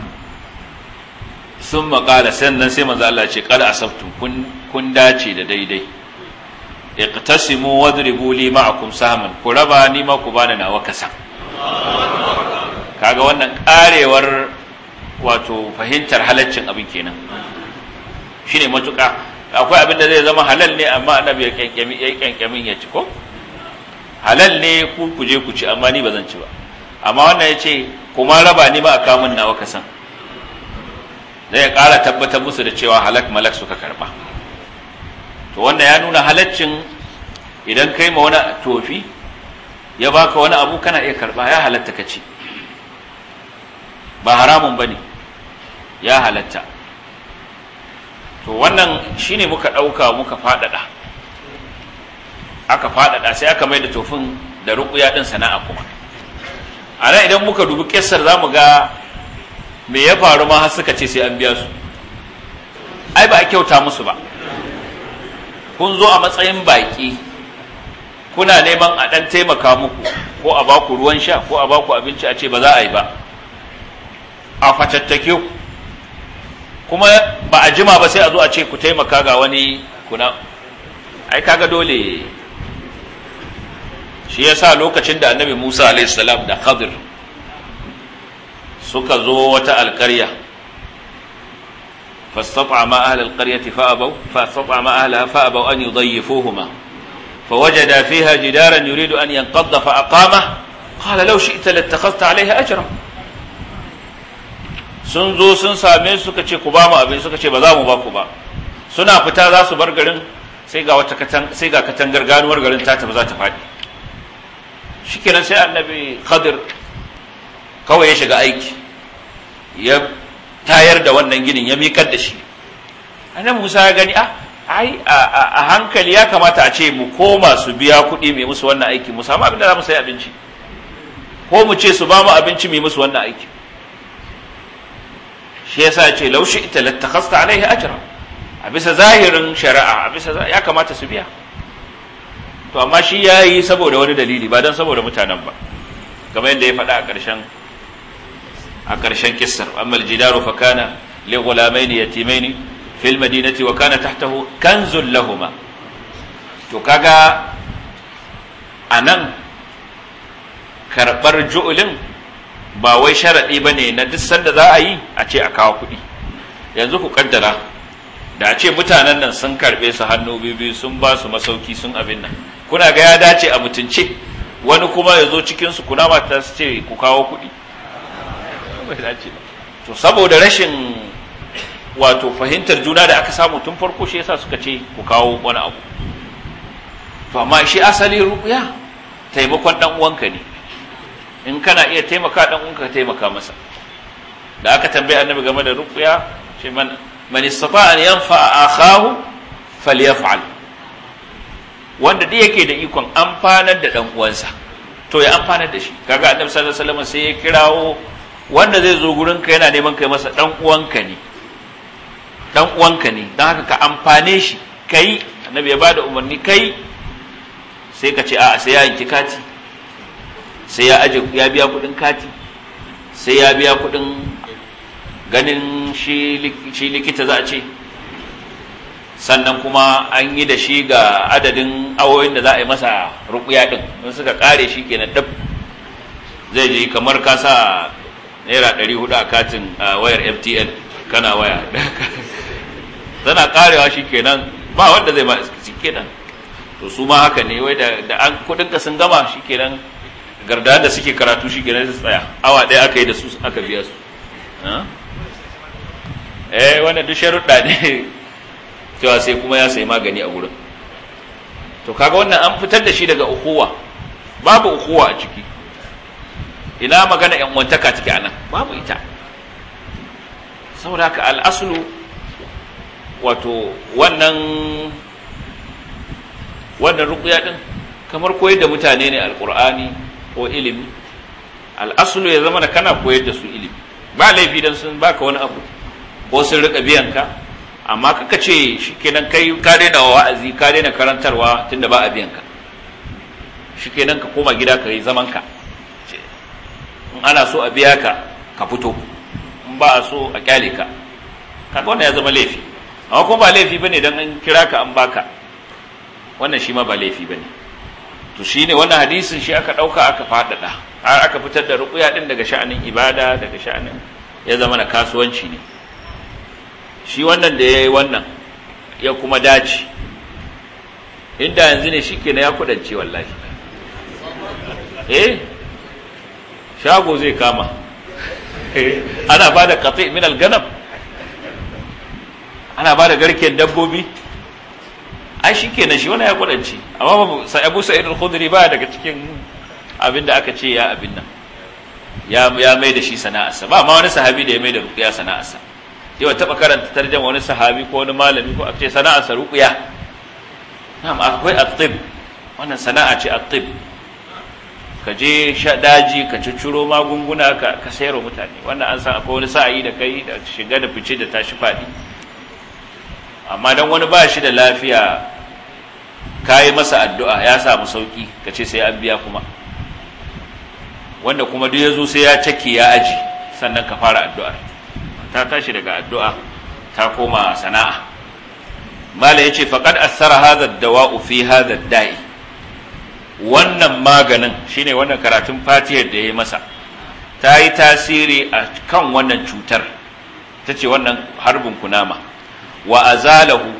sun maƙala sannan sai manzo Allah ce kada asabtu kun kun dace da daidai iqtasimu wadribu li ma'akum sahman ku raba ni ma ku bani nawa kasan kaga wannan karewar wato fahimtar halaccin abin kenan shine matuƙa akwai abin da zai zama halal ne amma annabi ya kyankyami ya ya ci ko halal ne ku ku je ku ci amma ni ba zan ci ba amma wannan ya ce kuma raba ni ba a nawa kasan zai ƙara tabbatar musu da cewa halak malak suka karba to wanda ya nuna halaccin idan kai ma wani tofi ya baka wani abu kana iya karba ya halatta ka ci ba haramun ba ne, ya halatta to wannan shine muka ɗauka muka faɗaɗa, aka faɗaɗa sai aka mai da tofin da ruƙuya ɗin sana'a kuma a nan idan muka dubi za mu ga me ya faru ma har suka ce sai an biya su ai ba a kyauta musu ba kun zo a matsayin baƙi kuna neman a ɗan taimaka muku ko a baku ruwan sha ko a baku abinci a ce ba za a yi ba a fatattake ku kuma ba a jima ba sai a zo a ce ku taimaka ga wani kuna ai kaga dole shi ya sa lokacin da annabi Musa alaihi da Khadir suka zo wata alƙarya فاستطعما أهل القرية فأبوا فاستطعما أهلها فأبوا أن يضيفوهما فوجدا فيها جدارا يريد أن ينقض فأقامه قال لو شئت لاتخذت عليها أجرا sun zo sun same suka ce ku ba mu abin suka ce ba za mu ba ku ba suna fita za su bar garin sai ga wata sai ga katangar ganuwar garin ta tafi za ta faɗi shikenan sai annabi khadir kawai ya shiga aiki ya tayar da wannan ginin ya mikar da shi annabi Musa ya gani ah ai a hankali ya kamata a ce mu koma su biya kuɗi mai musu wannan aiki mu samu abin da za mu sayi abinci ko mu ce su ba mu abinci mai musu wannan aiki shi yasa ce laushi ita lattakhasta alaihi ajra a bisa zahirin shari'a a bisa ya kamata su biya to amma shi yayi saboda wani dalili ba dan saboda mutanen ba kamar yadda ya faɗa a ƙarshen a ƙarshen kissar ammal jidaru fa kana li ghulamaini yatimaini fil madinati wa kana tahtahu kanzul lahuma to kaga anan karɓar ju'ulin ba wai ba ne na duk sanda za a yi a ce a kawo kuɗi yanzu ku ƙaddara da a ce mutanen nan sun karɓe su hannu biyu sun ba su masauki sun abin nan kuna ga ya dace a mutunce wani kuma ya zo cikinsu kuna mata su ce ku kawo kuɗi bai dace ba to saboda rashin wato fahimtar juna da aka samu tun farko shi yasa suka ce ku kawo wani abu to amma shi asali ruqya taimakon dan uwanka ne in kana iya taimaka dan uwanka taimaka masa da aka tambaye annabi game da ruqya shi man man istata an yanfa akahu falyaf'al wanda duk yake da ikon amfanar da dan uwansa to ya amfanar da shi kaga annabi sallallahu alaihi wasallam sai ya kirawo wanda zai zo gurin ka yana neman kai masa dan uwanka ne dan uwanka ne dan haka ka amfane shi kai annabi ya bada umarni kai sai ka ce a'a sai ya yanki kati sai ya aje ya biya kudin kati sai ya biya kudin ganin shi likita za a ce sannan kuma an yi da shi ga adadin awoyin da za a yi masa rukuya din in suka kare shi kenan dab zai je kamar ka sa naira 400 a katin wayar mtn kana waya tana karewa shi kenan ba wanda zai ma iskici kenan to su ma haka ne wai da an kudinka sun gama shi kenan garda da suke karatu shi kenan su tsaya awa ɗaya aka yi da su aka biya su eh wannan duk sharuɗa ne cewa sai kuma ya sayi magani a gurin to kaga wannan an fitar da shi daga ukuwa babu ukuwa a ciki ina magana yan wantaka take anan babu ita saboda haka al'aslu wato wannan wannan ruqya din kamar koyar da mutane ne Alkur'ani ko ilimi al'aslu ya zama da kana koyar da su ilimi ba laifi dan sun baka wani abu ko sun rika biyan ka amma kaka ce shikenan kai ka daina wa'azi ka daina karantarwa tunda ba a biyan ka shikenan ka koma gida ka yi zaman ka in ana so a biya ka ka fito in ba a so a kyale ka kaga wannan ya zama laifi amma kuma ba laifi bane dan an kira ka an baka wannan shi ma ba laifi bane to shine wannan hadisin shi aka dauka aka fadada har aka fitar da ruqya din daga sha'anin ibada daga sha'anin ya zama na kasuwanci ne shi wannan da yayi wannan ya kuma dace inda yanzu ne shi shikenan ya kudance wallahi eh shago zai kama eh, ana ba da katsi min alganam ana ba da garken dabbobi ai shi ke shi wani ya kudanci amma abu sa al-khudri ba daga cikin abin da aka ce ya abin nan ya mai da shi sana'arsa ba ma wani sahabi da ya mai da rukuya sana'arsa yau taba karanta tarjan wani sahabi ko wani malami ko a ce sana'arsa ruqya na'am akwai atib wannan sana'a ce atib ka je daji ka cicciro magunguna ka sayarwa mutane wannan an san akwai wani sa'ayi da kai da shiga da fice da tashi faɗi. amma don wani ba shi da lafiya ka yi masa addu'a ya samu sauki ka ce sai an biya kuma wanda kuma duk ya zo sai ya cake ya aji sannan ka fara addu'a ta tashi daga addu'a ta koma sana'a mala yace faqad asara hadha ad-dawa'u fi hadha dai wannan maganin shine wannan karatun fatiyar da ya masa ta yi tasiri a kan wannan cutar ta ce wannan harbin kunama wa azalahu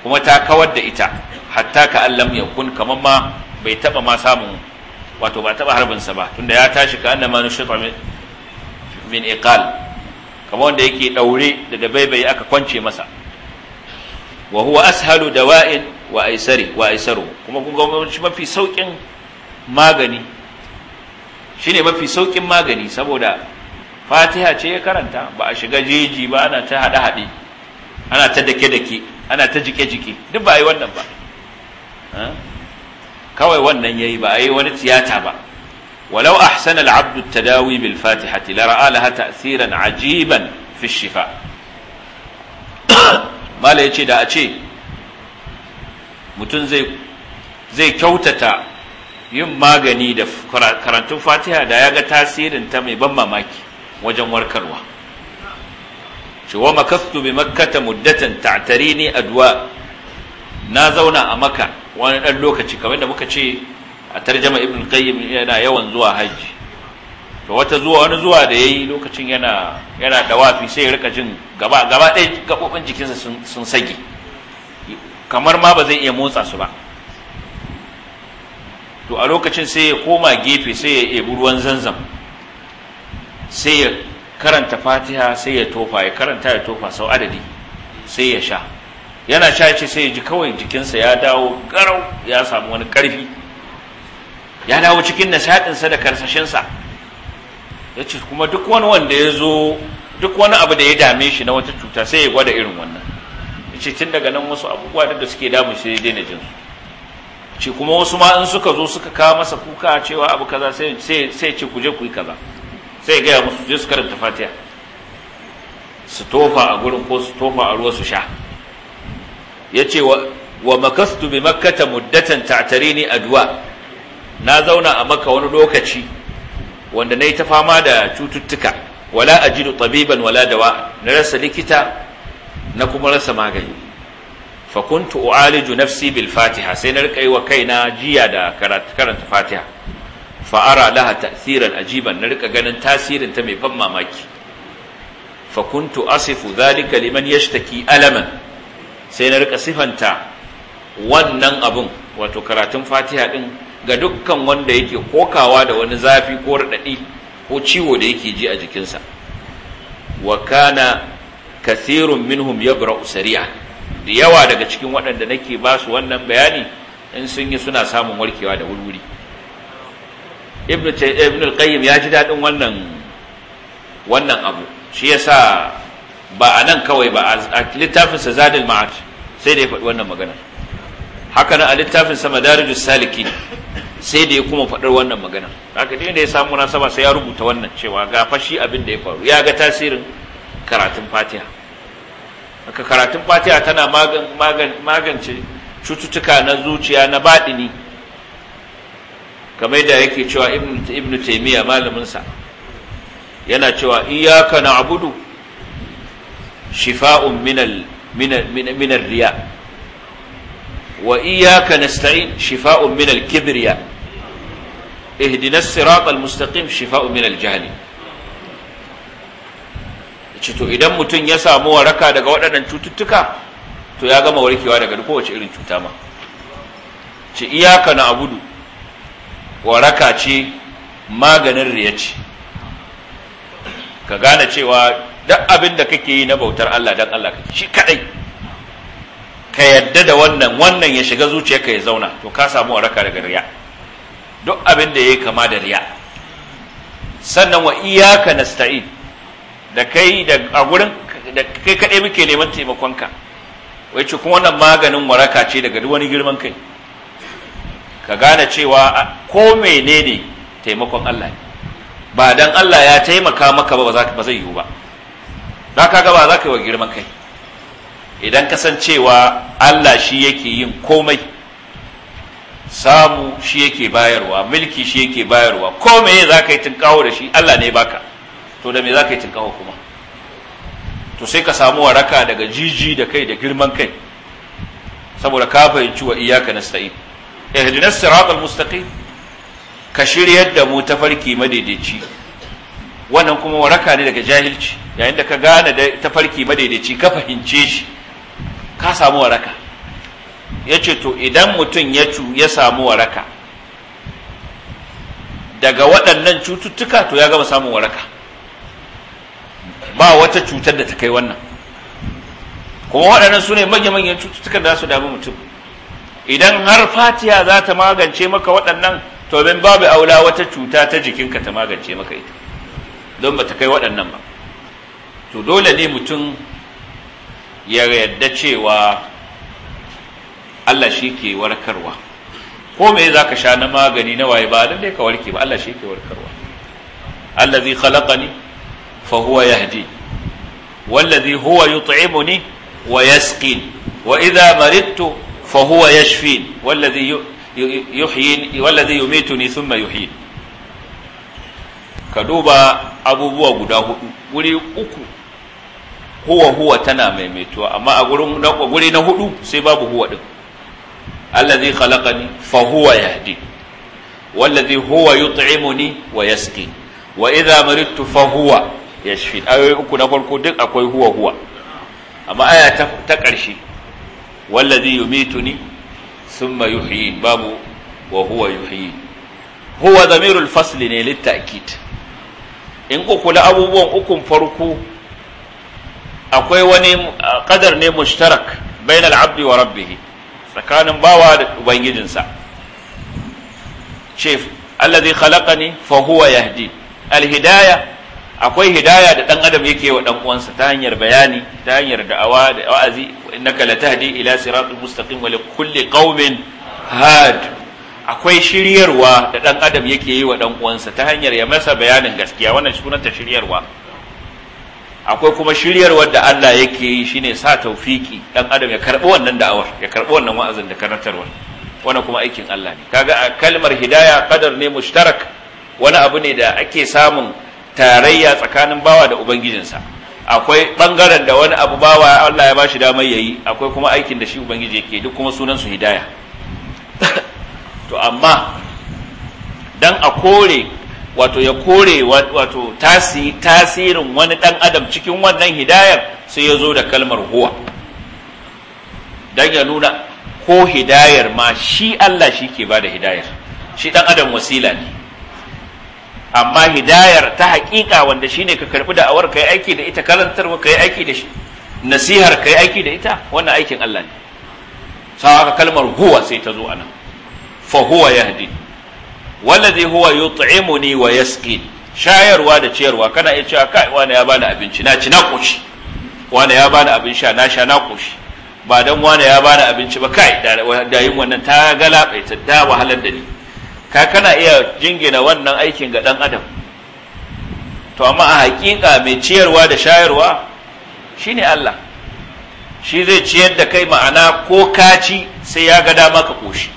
kuma ta kawar da ita hatta ka allam kun kamar ma bai taba ma samun wato ba taba harbinsa ba tunda ya tashi ka annama nushfa min iqal kamar wanda yake daure da dabaibai aka kwance masa wa huwa ashalu dawa'in wa aisari wa aisaru kuma kun ga shi mafi saukin magani shine mafi saukin magani saboda Fatiha ce ya karanta ba a shiga jeji ba ana ta hada hade ana ta dake dake ana ta jike jike duk ba yi wannan ba eh? kawai wannan yayi ba yi wani tiyata ba walau ahsana al-abdu tadawi bil fatihati la ra'a laha ta'siran ajiban fi shifa mala ya ce da a ce mutum zai kyautata yin magani da karantun fatiha da ya ga tasirin ta mai ban mamaki wajen warkarwa ce wa makastu bi makkata muddatan ta'tari ne duwa, na zauna a maka wani ɗan lokaci kamar da muka ce a tarjama ibn qayyim yana yawan zuwa hajji to wata zuwa wani zuwa da yayi lokacin yana yana dawafi sai ya rika jin gaba gaba ɗaya gabobin jikinsa sun sage kamar ma ba zai iya motsa su ba to a lokacin sai ya koma gefe sai ya ebi ruwan zanzam sai ya karanta fatiha sai ya tofa ya karanta ya tofa sau adadi sai ya sha yana sha ce sai ya ji kawai jikinsa ya dawo garau ya samu wani ƙarfi ya dawo cikin nishaɗinsa da karsashinsa ya ce kuma duk wani wanda ya zo duk wani abu da ya dame shi na wata cuta sai ya gwada irin wannan ya ce tun daga nan wasu abubuwa duk da suke damu shi ya daina jin su ce kuma wasu ma in suka zo suka kawo masa kuka cewa abu kaza sai ce ku je ku yi kaza sai gaya musu je su karanta fatiya su tofa a gurin ko su tofa a ruwa su sha ya ce wa makastu bi makkata muddatan ta'tarini adwa na zauna a maka wani lokaci wanda na yi ta fama da cututtuka wala ajidu tabiban wala dawa na rasa likita na kuma rasa magani fakuntu kuntu u'aliju nafsi bil fatiha sai na rika yi wa kaina jiya da karanta fatiha fa ara laha ta'siran ajiban na rika ganin tasirin ta mai ban mamaki fakuntu asifu dhalika liman yashtaki alaman sai na rika sifanta wannan abun wato karatun fatiha din ga dukkan wanda yake kokawa da wani zafi ko raɗaɗi ko ciwo da yake ji a jikinsa wa kana kathirun minhum yabra sari'a da yawa daga cikin waɗanda nake ba su wannan bayani in sun yi suna samun warkewa da wurwuri ibn ibn al-qayyim ya ji dadin wannan wannan abu shi yasa ba anan kawai ba a littafin sa zadul ma'ad sai da ya faɗi wannan magana haka na a littafin sa madarijus saliki sai da ya kuma faɗar wannan magana haka duk da ya samu sama sai ya rubuta wannan cewa ga fashi abin da ya faru ya ga tasirin karatun fatiha haka karatun fatiha tana magance cututtuka na zuciya na baɗini kamar da yake cewa ibnu taymiya malamin sa yana cewa iyakana na abudu shifa'un minar riya wa iyyaka nasta'in shifa'un min al-kibriya ihdina as-sirata al-mustaqim to idan mutum ya samu waraka daga waɗannan cututtuka to ya gama warkewa daga kowace irin cuta ma ce iyaka na abudu waraka ce maganin riya ce ka gane cewa duk abin da kake yi na bautar Allah dan Allah kake shi kadai ka yadda da wannan wannan ya shiga zuciya ka ya zauna to ka samu waraka daga riya duk abin da ya yi kama da riya sannan wa na nasta'in da kai da a gurin da kai kadai muke neman taimakonka wai ce kuma wannan maganin waraka ce daga duk wani girman kai ka gane cewa ko menene taimakon Allah ba dan Allah ya taimaka maka ba ba zai yiwu ba za ka ga ba za ka yi wa girman kai idan kasancewa Allah shi yake yin komai samu shi yake bayarwa mulki shi yake bayarwa komai za ka yi tunkawo da shi Allah ne baka to da me za ka yi tunkawo kuma to sai ka samu waraka daga jiji da kai da girman kai saboda ka fahimci wa iyaka nasta'in ihdinas siratal mustaqim ka shiryar da mu tafarki madaidaici wannan kuma waraka ne daga jahilci yayin da ka gane da tafarki madaidaici ka fahimce shi ka samu waraka ya ce to idan mutum ya cu ya samu waraka daga waɗannan cututtuka to ya gama samun waraka ba wata cutar da ta kai wannan kuma waɗannan su ne manya-manyan cututtukan da su damu mutum idan har fatiya za ta magance maka waɗannan to min babu aula wata cuta ta jikinka ta magance maka ita don ba ta kai waɗannan ba to dole ne mutum ya yadda cewa Allah shi ke warkarwa ko me za ka sha na magani na waye ba lallai ka warke ba Allah shi ke warkarwa allazi khalaqani fa huwa yahdi wallazi huwa yut'imuni wa yasqin wa idha maridtu fa huwa yashfin wallazi yuhyin wallazi yumituni thumma yuhyin ka duba abubuwa guda hudu wuri uku huwa huwa tana maimaituwa amma a gurin guri na hudu sai babu huwa din allazi khalaqani fa huwa yahdi wallazi huwa yut'imuni wa yasqi wa maridtu fa huwa yashfi ayoyi uku na farko duk akwai huwa huwa amma aya ta wallazi yumituni thumma yuhyi babu wa huwa yuhyi huwa dhamirul fasli ne litta'kid in ku kula abubuwan ukun farko akwai wani kadar ne mushtarak bainal al'abdi wa rabbih tsakanin bawa da ubangijinsa ce allazi khalaqani fa huwa yahdi alhidaya akwai hidaya da dan adam yake wa dan uwansa ta hanyar bayani ta hanyar da'awa da wa'azi innaka latahdi ila siratal mustaqim wa likulli qaumin had akwai shiryarwa da dan adam yake yi wa dan uwansa ta hanyar ya masa bayanin gaskiya wannan sunanta shiryarwa akwai kuma shiryar wadda Allah yake yi shine sa taufiki dan adam ya karbi wannan da'awar ya karbi wannan wa'azin da karantarwa wannan kuma aikin Allah ne kaga a kalmar hidaya qadar ne mushtarak wani abu ne da ake samun tarayya tsakanin bawa da ubangijinsa akwai bangaren da wani abu bawa Allah ya ba shi damar yayi akwai kuma aikin da shi ubangiji yake duk kuma sunan su hidaya to amma dan a kore wato ya kore wato tasirin wani ɗan adam cikin wannan hidayar sai ya zo da kalmar huwa don ya nuna ko hidayar ma shi Allah shi ke ba da hidayar shi ɗan adam wasila ne amma hidayar ta haƙiƙa wanda shi ne ka karɓi da awar ka yi aiki da ita karantarwa ka yi aiki da shi nasihar ka yi aiki da ita wannan aikin Allah ne sau haka kalmar huwa sai ta zo a nan fa huwa ya yahdi wallazi huwa yut'imuni wa yasqin shayarwa da ciyarwa kana iya cewa kai wani ya bani abinci na ci na koshi wani ya bani abin sha na sha na koshi ba dan wani ya bani abinci ba kai da yin wannan ta ta da wahalar da ni ka kana iya jingina wannan aikin ga dan adam to amma a hakika mai ciyarwa da shayarwa shine Allah shi zai ciyar da kai ma'ana ko kaci sai ya ga dama ka koshi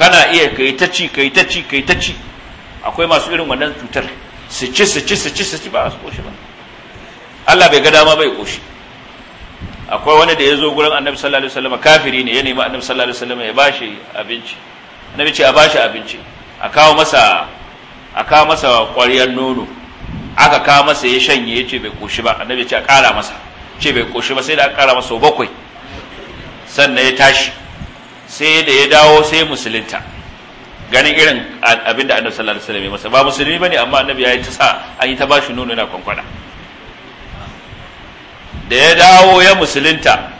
kana iya kai ta ci kai ta ci kai ta ci akwai masu irin wannan cutar su ci su ci su ci su ci ba su koshi ba Allah bai ga dama bai koshi akwai wani da ya zo gurin annabi sallallahu alaihi wasallam kafiri ne ya nemi annabi sallallahu alaihi wasallam ya bashi abinci annabi ce a bashi abinci a kawo masa a kawo masa ƙwaryar nono aka kawo masa ya shanye ya ce bai koshi ba annabi ce a ƙara masa ce bai koshi ba sai da aka ƙara masa bakwai sannan ya tashi sai da ya dawo sai musulunta ganin irin abin da annabi sallallahu alaihi wasallam ya masa ba musulmi bane amma annabi ya yi ta sa an yi ta bashi nono yana kwankwada da ya dawo ya musulunta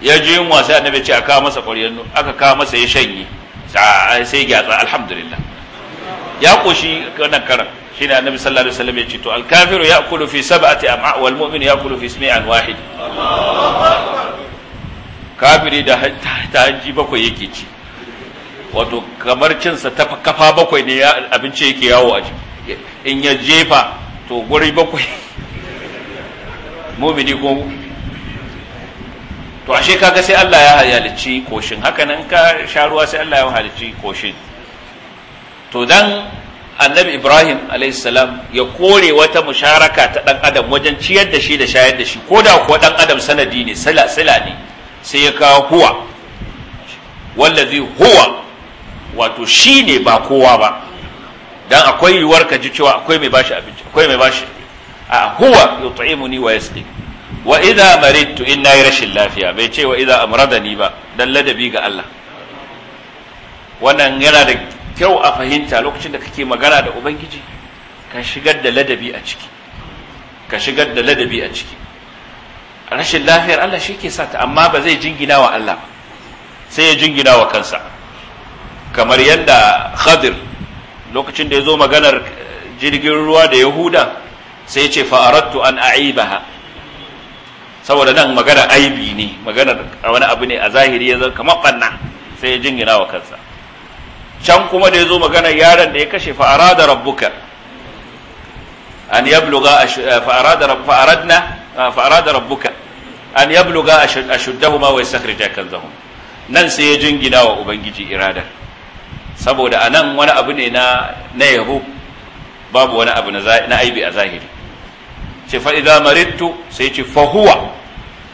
ya ji yunwa sai annabi ce a kawo masa ƙwaryar aka kawo masa ya shanye sai gyatsa alhamdulillah ya koshi wannan karan shine annabi sallallahu alaihi wasallam ya ce to alkafiru ya'kulu fi sab'ati am'a wal mu'minu ya'kulu fi ismi'an wahid kafiri da hanji bakwai yake ci wato kamar cinsa ta kafa bakwai ne abinci yake yawo a ciki in ya jefa to guri bakwai mumini ko to ashe kaga sai Allah ya halicci koshin haka nan ka sha ruwa sai Allah ya halicci koshin to dan annabi ibrahim alaihissalam ya kore wata musharaka ta dan adam wajen ciyar da shi da shayar da shi ko da kuwa dan adam sanadi ne sila ne sai ya kawo huwa wallazi huwa wato shi ne ba kowa ba dan akwai yiwuwar ka ji cewa akwai mai bashi abinci akwai mai bashi a huwa yut'imuni wa yasqi wa idza maridtu inna rashin lafiya bai ce wa idza amradani ba dan ladabi ga Allah wannan yana da kyau a fahimta lokacin da kake magana da ubangiji ka shigar da ladabi a ciki ka shigar da ladabi a ciki rashin lafiyar Allah shi ke sata amma ba zai jingina wa Allah sai ya jingina wa kansa kamar yadda khadir lokacin da ya zo maganar eh, jirgin ruwa da yahuda sai ya ce fa'arattu an a'ibaha saboda nan magana aibi ne maganar wani abu ne a zahiri ya zama kamar banna sai ya jingina wa kansa can kuma da ya zo maganar yaron da ya kashe fa'ara fa'arada rabbuka an yabluga eh, fa'arada fa'aradna fa arada rabbuka an yabluga ashuddahuma wa yastakhrija kanzahum nan sai ya jingina wa ubangiji iradar saboda a nan wani abu ne na na babu wani abu na aibi a zahiri ce fa idza sai ce fa huwa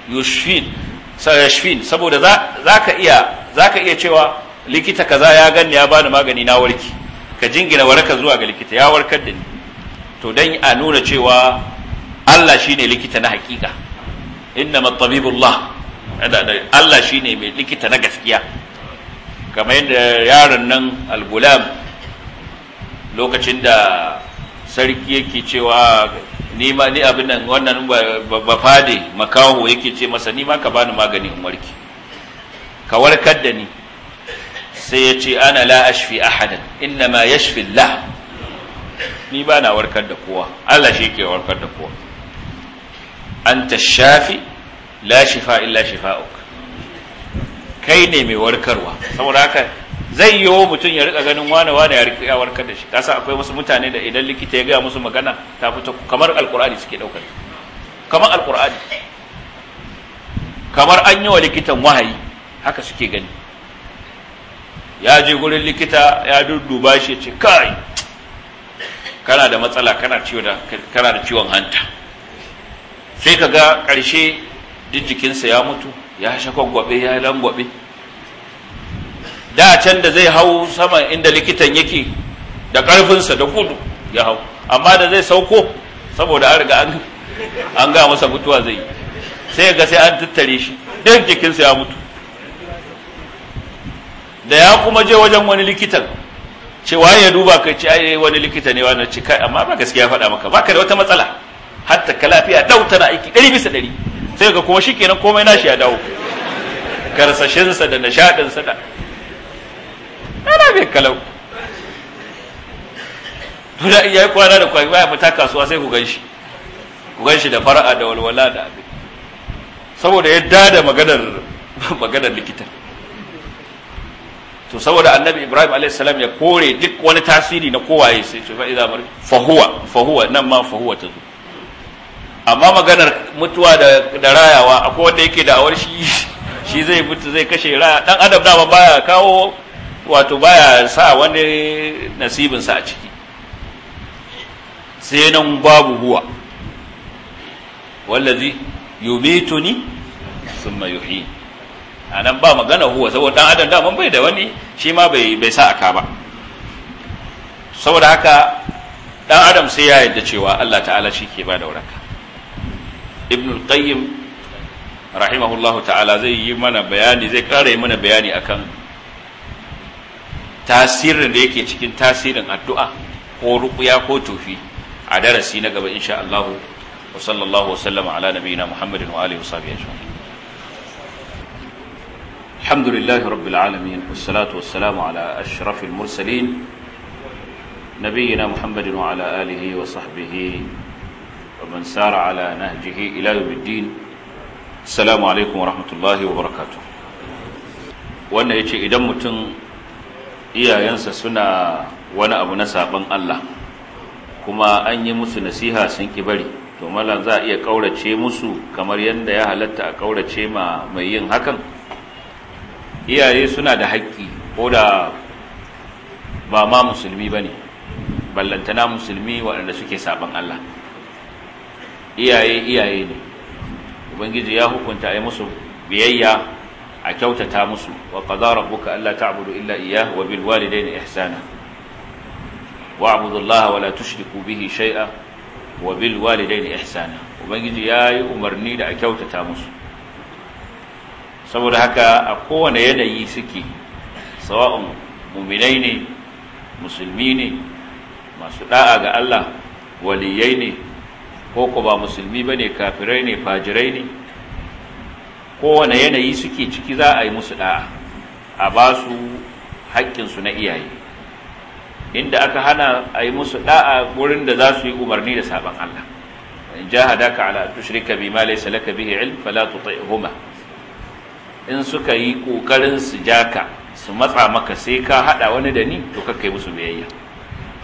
yushfin sayashfin saboda za ka iya cewa likita kaza ya ganni ya bani magani na warki ka jingina waraka zuwa ga likita ya warkar da ni to don a nuna cewa Allah ne likita na hakika innama tabibullah Allah shine mai likita na gaskiya kamar yadda yaron nan al-gulam lokacin da sarki yake cewa ni abin nan wannan ba makaho yake ce masa nima ka bani magani in ka warkar da ni sai ya ce ana la ashfi ahadan inna ma yashfi Allah ni ba na warkar da kowa Allah shi yake warkar da kowa anta shafi la shifa illa shifa'uk kai ne mai warkarwa saboda haka zai yi wa mutum ya rika ganin wane wane ya rika warkar da shi kasa akwai wasu mutane da idan likita ya gaya musu magana ta fito kamar Alƙur'ani suke daukar kamar Alƙur'ani. kamar an yi wa likitan wahayi haka suke gani ya je gurin likita ya dudduba shi ce kai kana da matsala kana da ciwon hanta sai ka ga ƙarshe jikinsa ya mutu ya shakwaggwabe ya langwabe da can da zai hau sama inda likitan yake da ƙarfinsa da gudu ya hau amma da zai sauko saboda an riga an ga masa mutuwa zai sai ga sai an tattare shi duk jikinsa ya mutu da ya kuma je wajen wani likitan cewa ya duba kai ce ai wani likita ne wani cikai amma ba gaskiya faɗa maka baka da wata matsala hatta ka lafiya dau tana aiki ɗari bisa ɗari sai ga kuma shikenan komai nashi ya dawo karsashinsa da nishaɗinsa da ana bai kalau da iya yi kwana da kwana baya mata kasuwa sai ku ganshi ku ganshi da fara'a da walwala da abin saboda ya dada maganar maganar likitan to saboda annabi ibrahim a.s. ya kore duk wani tasiri na kowaye sai ce fa'iza mara fahuwa fahuwa nan ma fahuwa ta zuwa amma maganar mutuwa da rayawa akwai wanda yake da awar shi shi zai mutu zai kashe raya dan adam dama baya kawo wato baya sa wani nasibinsa a ciki sai nan babu huwa wallazi yumituni thumma yuhyi anan ba magana huwa saboda dan adam dama bai da wani shi ma bai bai sa aka ba saboda haka dan adam sai ya yarda cewa Allah ta'ala shi ke ba da waraka ibn al-qayyim rahimahullahu ta'ala zai yi mana bayani zai kare mana bayani akan tasirin da yake cikin tasirin addu'a ko ruqya ko tufi a darasi na gaba insha Allah wa sallallahu wa sallama ala nabiyyina Muhammadin wa alihi wa sahbihi ajma'in alhamdulillahi rabbil alamin wassalatu wassalamu ala ashrafil mursalin nabiyyina Muhammadin wa ala alihi wa sahbihi ومن سار على نهجه إلى يوم الدين السلام عليكم ورحمة الله وبركاته wannan ya ce idan mutum iyayensa suna wani abu na saɓon Allah kuma an yi musu nasiha sun ki bari to malam za a iya ƙaurace musu kamar yadda ya halatta a ƙaurace ma mai yin hakan iyaye suna da haƙƙi ko da ba ma musulmi ba ne ballantana musulmi waɗanda suke saɓon Allah iyaye iyaye ne ubangiji ya hukunta a musu biyayya a kyautata musu wa qadara rabbuka alla ta'budu illa iyyah wa bil walidayni ihsana wa'budu allaha wa la tushriku bihi shay'a wa bil walidayni ihsana ubangiji yi umarni da a kyautata musu saboda haka a kowane yanayi suke sawa'un muminai ne musulmi ne masu da'a ga Allah waliyai ne ko ku ba musulmi ba ne kafirai ne fajirai ne kowane yanayi suke ciki za a yi musu ɗa'a a ba su haƙƙinsu na iyaye inda aka hana a yi musu ɗa'a wurin da za su yi umarni da sabon Allah in jahadaka ala tushrika bima laysa laka bihi ilm fala tuti'huma in suka yi kokarin su jaka su matsa maka sai ka hada wani da ni to kai musu biyayya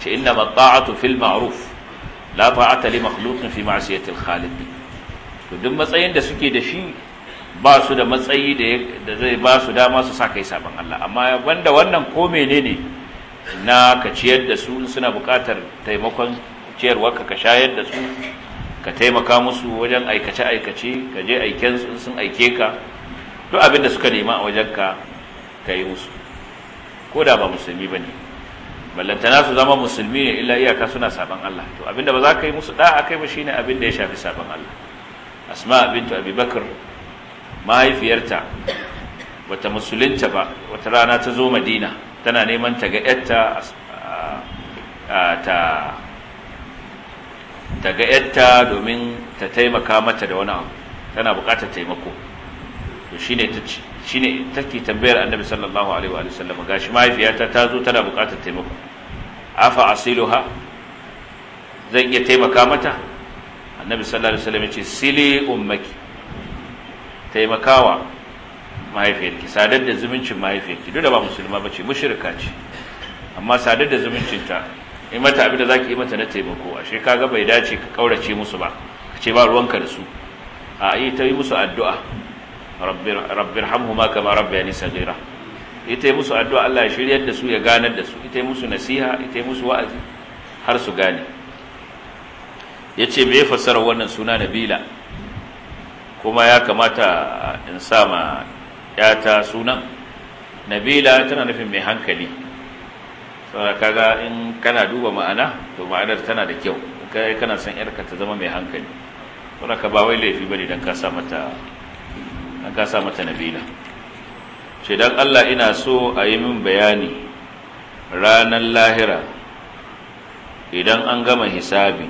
ce inna mata'atu fil ma'ruf la ta'ata li makhluqin fi al khaliq to duk matsayin da suke da shi ba su da matsayi da zai ba su dama su sa kai saban Allah amma banda wannan ko menene na ka ciyar da su suna buƙatar taimakon ciyarwarka ka shayar da su ka taimaka musu wajen aikace aikace ka je aiken su sun aike ka duk abin da suka nema a wajenka ka yi musu ko da ba musulmi bane ballantana su zama musulmi ne illa iyaka suna saban Allah to abinda ba za ka yi musu da'a kai ba shine abinda ya shafi saban Allah asma bintu abubakar mahaifiyarta wata musulunta ba wata rana ta zo madina tana neman ta ga yarta ta ta ga yarta domin ta taimaka mata da wani abu tana bukatar taimako to shine ta ce shine take tambayar annabi sallallahu alaihi wa sallam gashi mahaifiyata ta zo tana buƙatar taimako afa asiluha zan iya taimaka mata annabi sallallahu alaihi wasallam ya ce sili ummaki taimakawa mahaifiyarki sadar da zumuncin mahaifiyarki duk da ba musulma ba ce mushrika ce amma sadar da ta, yi mata abin da zaki yi mata na taimako a shi kaga bai dace ka kaurace musu ba ka ce ba ruwanka da su a yi ta yi musu addu'a rabbir ma kama rabbayani saghira ita yi musu addu'a Allah ya shiryar da su ya ganar da su ita yi musu nasiha ita yi musu wa'azi har su gane yace me ya wannan suna nabila kuma ya kamata in sa ma yata sunan nabila tana nufin mai hankali saboda kaga in kana duba ma'ana to ma'anar tana da kyau kai kana son yarka ta zama mai hankali saboda ka ba wai laifi bane dan ka sa mata an ka sa mata nabila ce don Allah ina so a yi min bayani ranar lahira idan an gama hisabi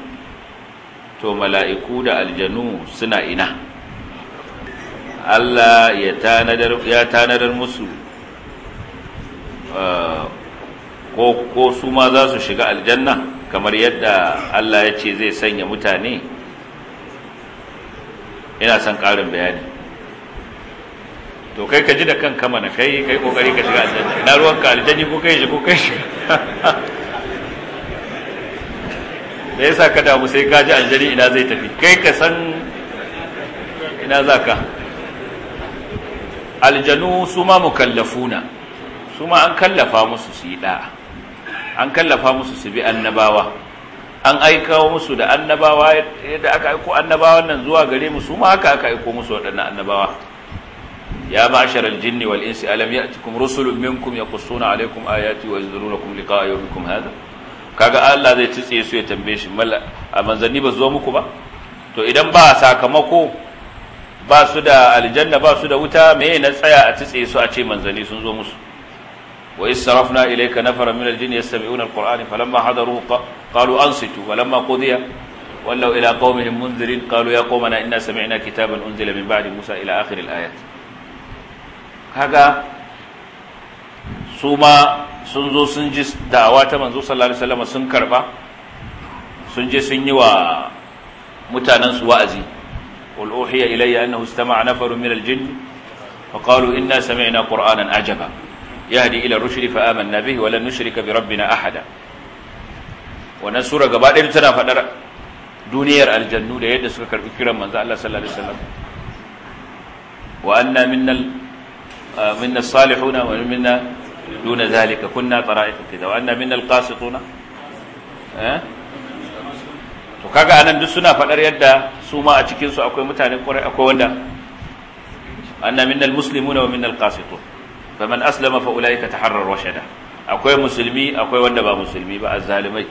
to mala'iku da aljanu suna ina Allah ya tanadar musu ah, ko ko su ma za su shiga aljanna kamar yadda Allah ya ce zai sanya mutane ina son ƙarin bayani to kai ka ji da kanka mana kai kai kokari ka shiga aljanna na ruwan ka aljanni ko kai shi ko kai shi da yasa ka damu sai ka ji aljani ina zai tafi kai ka san ina za ka aljanu su ma mukallafuna su ma an kallafa musu su yi da'a an kallafa musu su bi annabawa an aika musu da annabawa yadda aka aiko annabawan nan zuwa gare mu su ma haka aka aiko musu waɗannan annabawa ya ma'ashar aljinni wal insi alam ya'tikum rusulun minkum yaqussuna alaykum ayati wa yunzirunakum liqa'a yawmikum hadha kaga Allah zai tsitse su ya tambaye shi a manzanni ba zo muku ba to idan ba sakamako ba su da aljanna ba su da wuta meye na tsaya a tsitse su a ce manzanni sun zo musu wa israfna ilayka nafara min aljinni yastami'una alqur'ana falamma hadaruhu qalu ansitu walamma qudiya ولوا إلى قومهم منذرين قالوا يا قومنا إنا سمعنا كتابا أنزل من بعد موسى إلى آخر الآيات kaga su ma sun zo sun ji da'awa ta manzo sallallahu alaihi wasallam sun karba sun je sun yi wa mutanen su wa'azi qul uhiya ilayya annahu istama'a nafarun min al-jinn fa qalu inna sami'na qur'anan ajaba yahdi ila rushdi fa amanna bihi wa lan nushrika bi rabbina ahada wannan sura gaba ɗaya tana faɗar duniyar aljannu da yadda suka karbi kiran manzo Allah sallallahu alaihi wasallam wa anna minnal minna salihuna wa minna duna zalika kunna tara'iqa kaza wa anna minna alqasituna eh to kaga anan duk suna fadar yadda su ma a cikin su akwai mutane kwarai akwai wanda anna minna almuslimuna wa minna alqasitun faman aslama fa ulaika taharrar rashada akwai musulmi akwai wanda ba musulmi ba azzalimai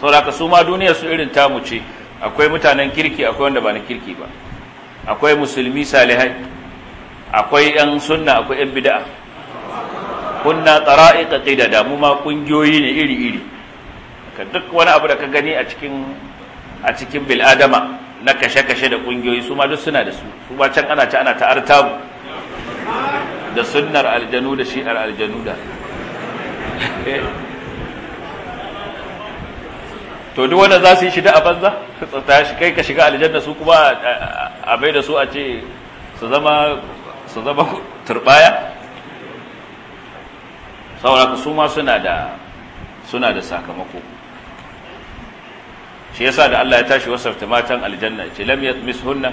saboda su ma duniya su irin tamu ce akwai mutanen kirki akwai wanda ba na kirki ba akwai musulmi salihai akwai yan sunna akwai yan bida'a kunna tsara'iqa da damu ma ƙungiyoyi ne iri iri ka duk wani abu da ka gani a cikin bil'adama na kashe-kashe da ƙungiyoyi su ma duk suna da su su ba can ana ci ana tamu da sunnar aljanu da shi'ar aljanu da to duk wanda za su yi shida a banza ta kai ka shiga aljanna su kuma a bai da su a ce su zama su zama turbaya saboda su ma suna da suna da sakamako shi yasa da Allah ya tashi wasafta matan aljanna ce lam yatmishunna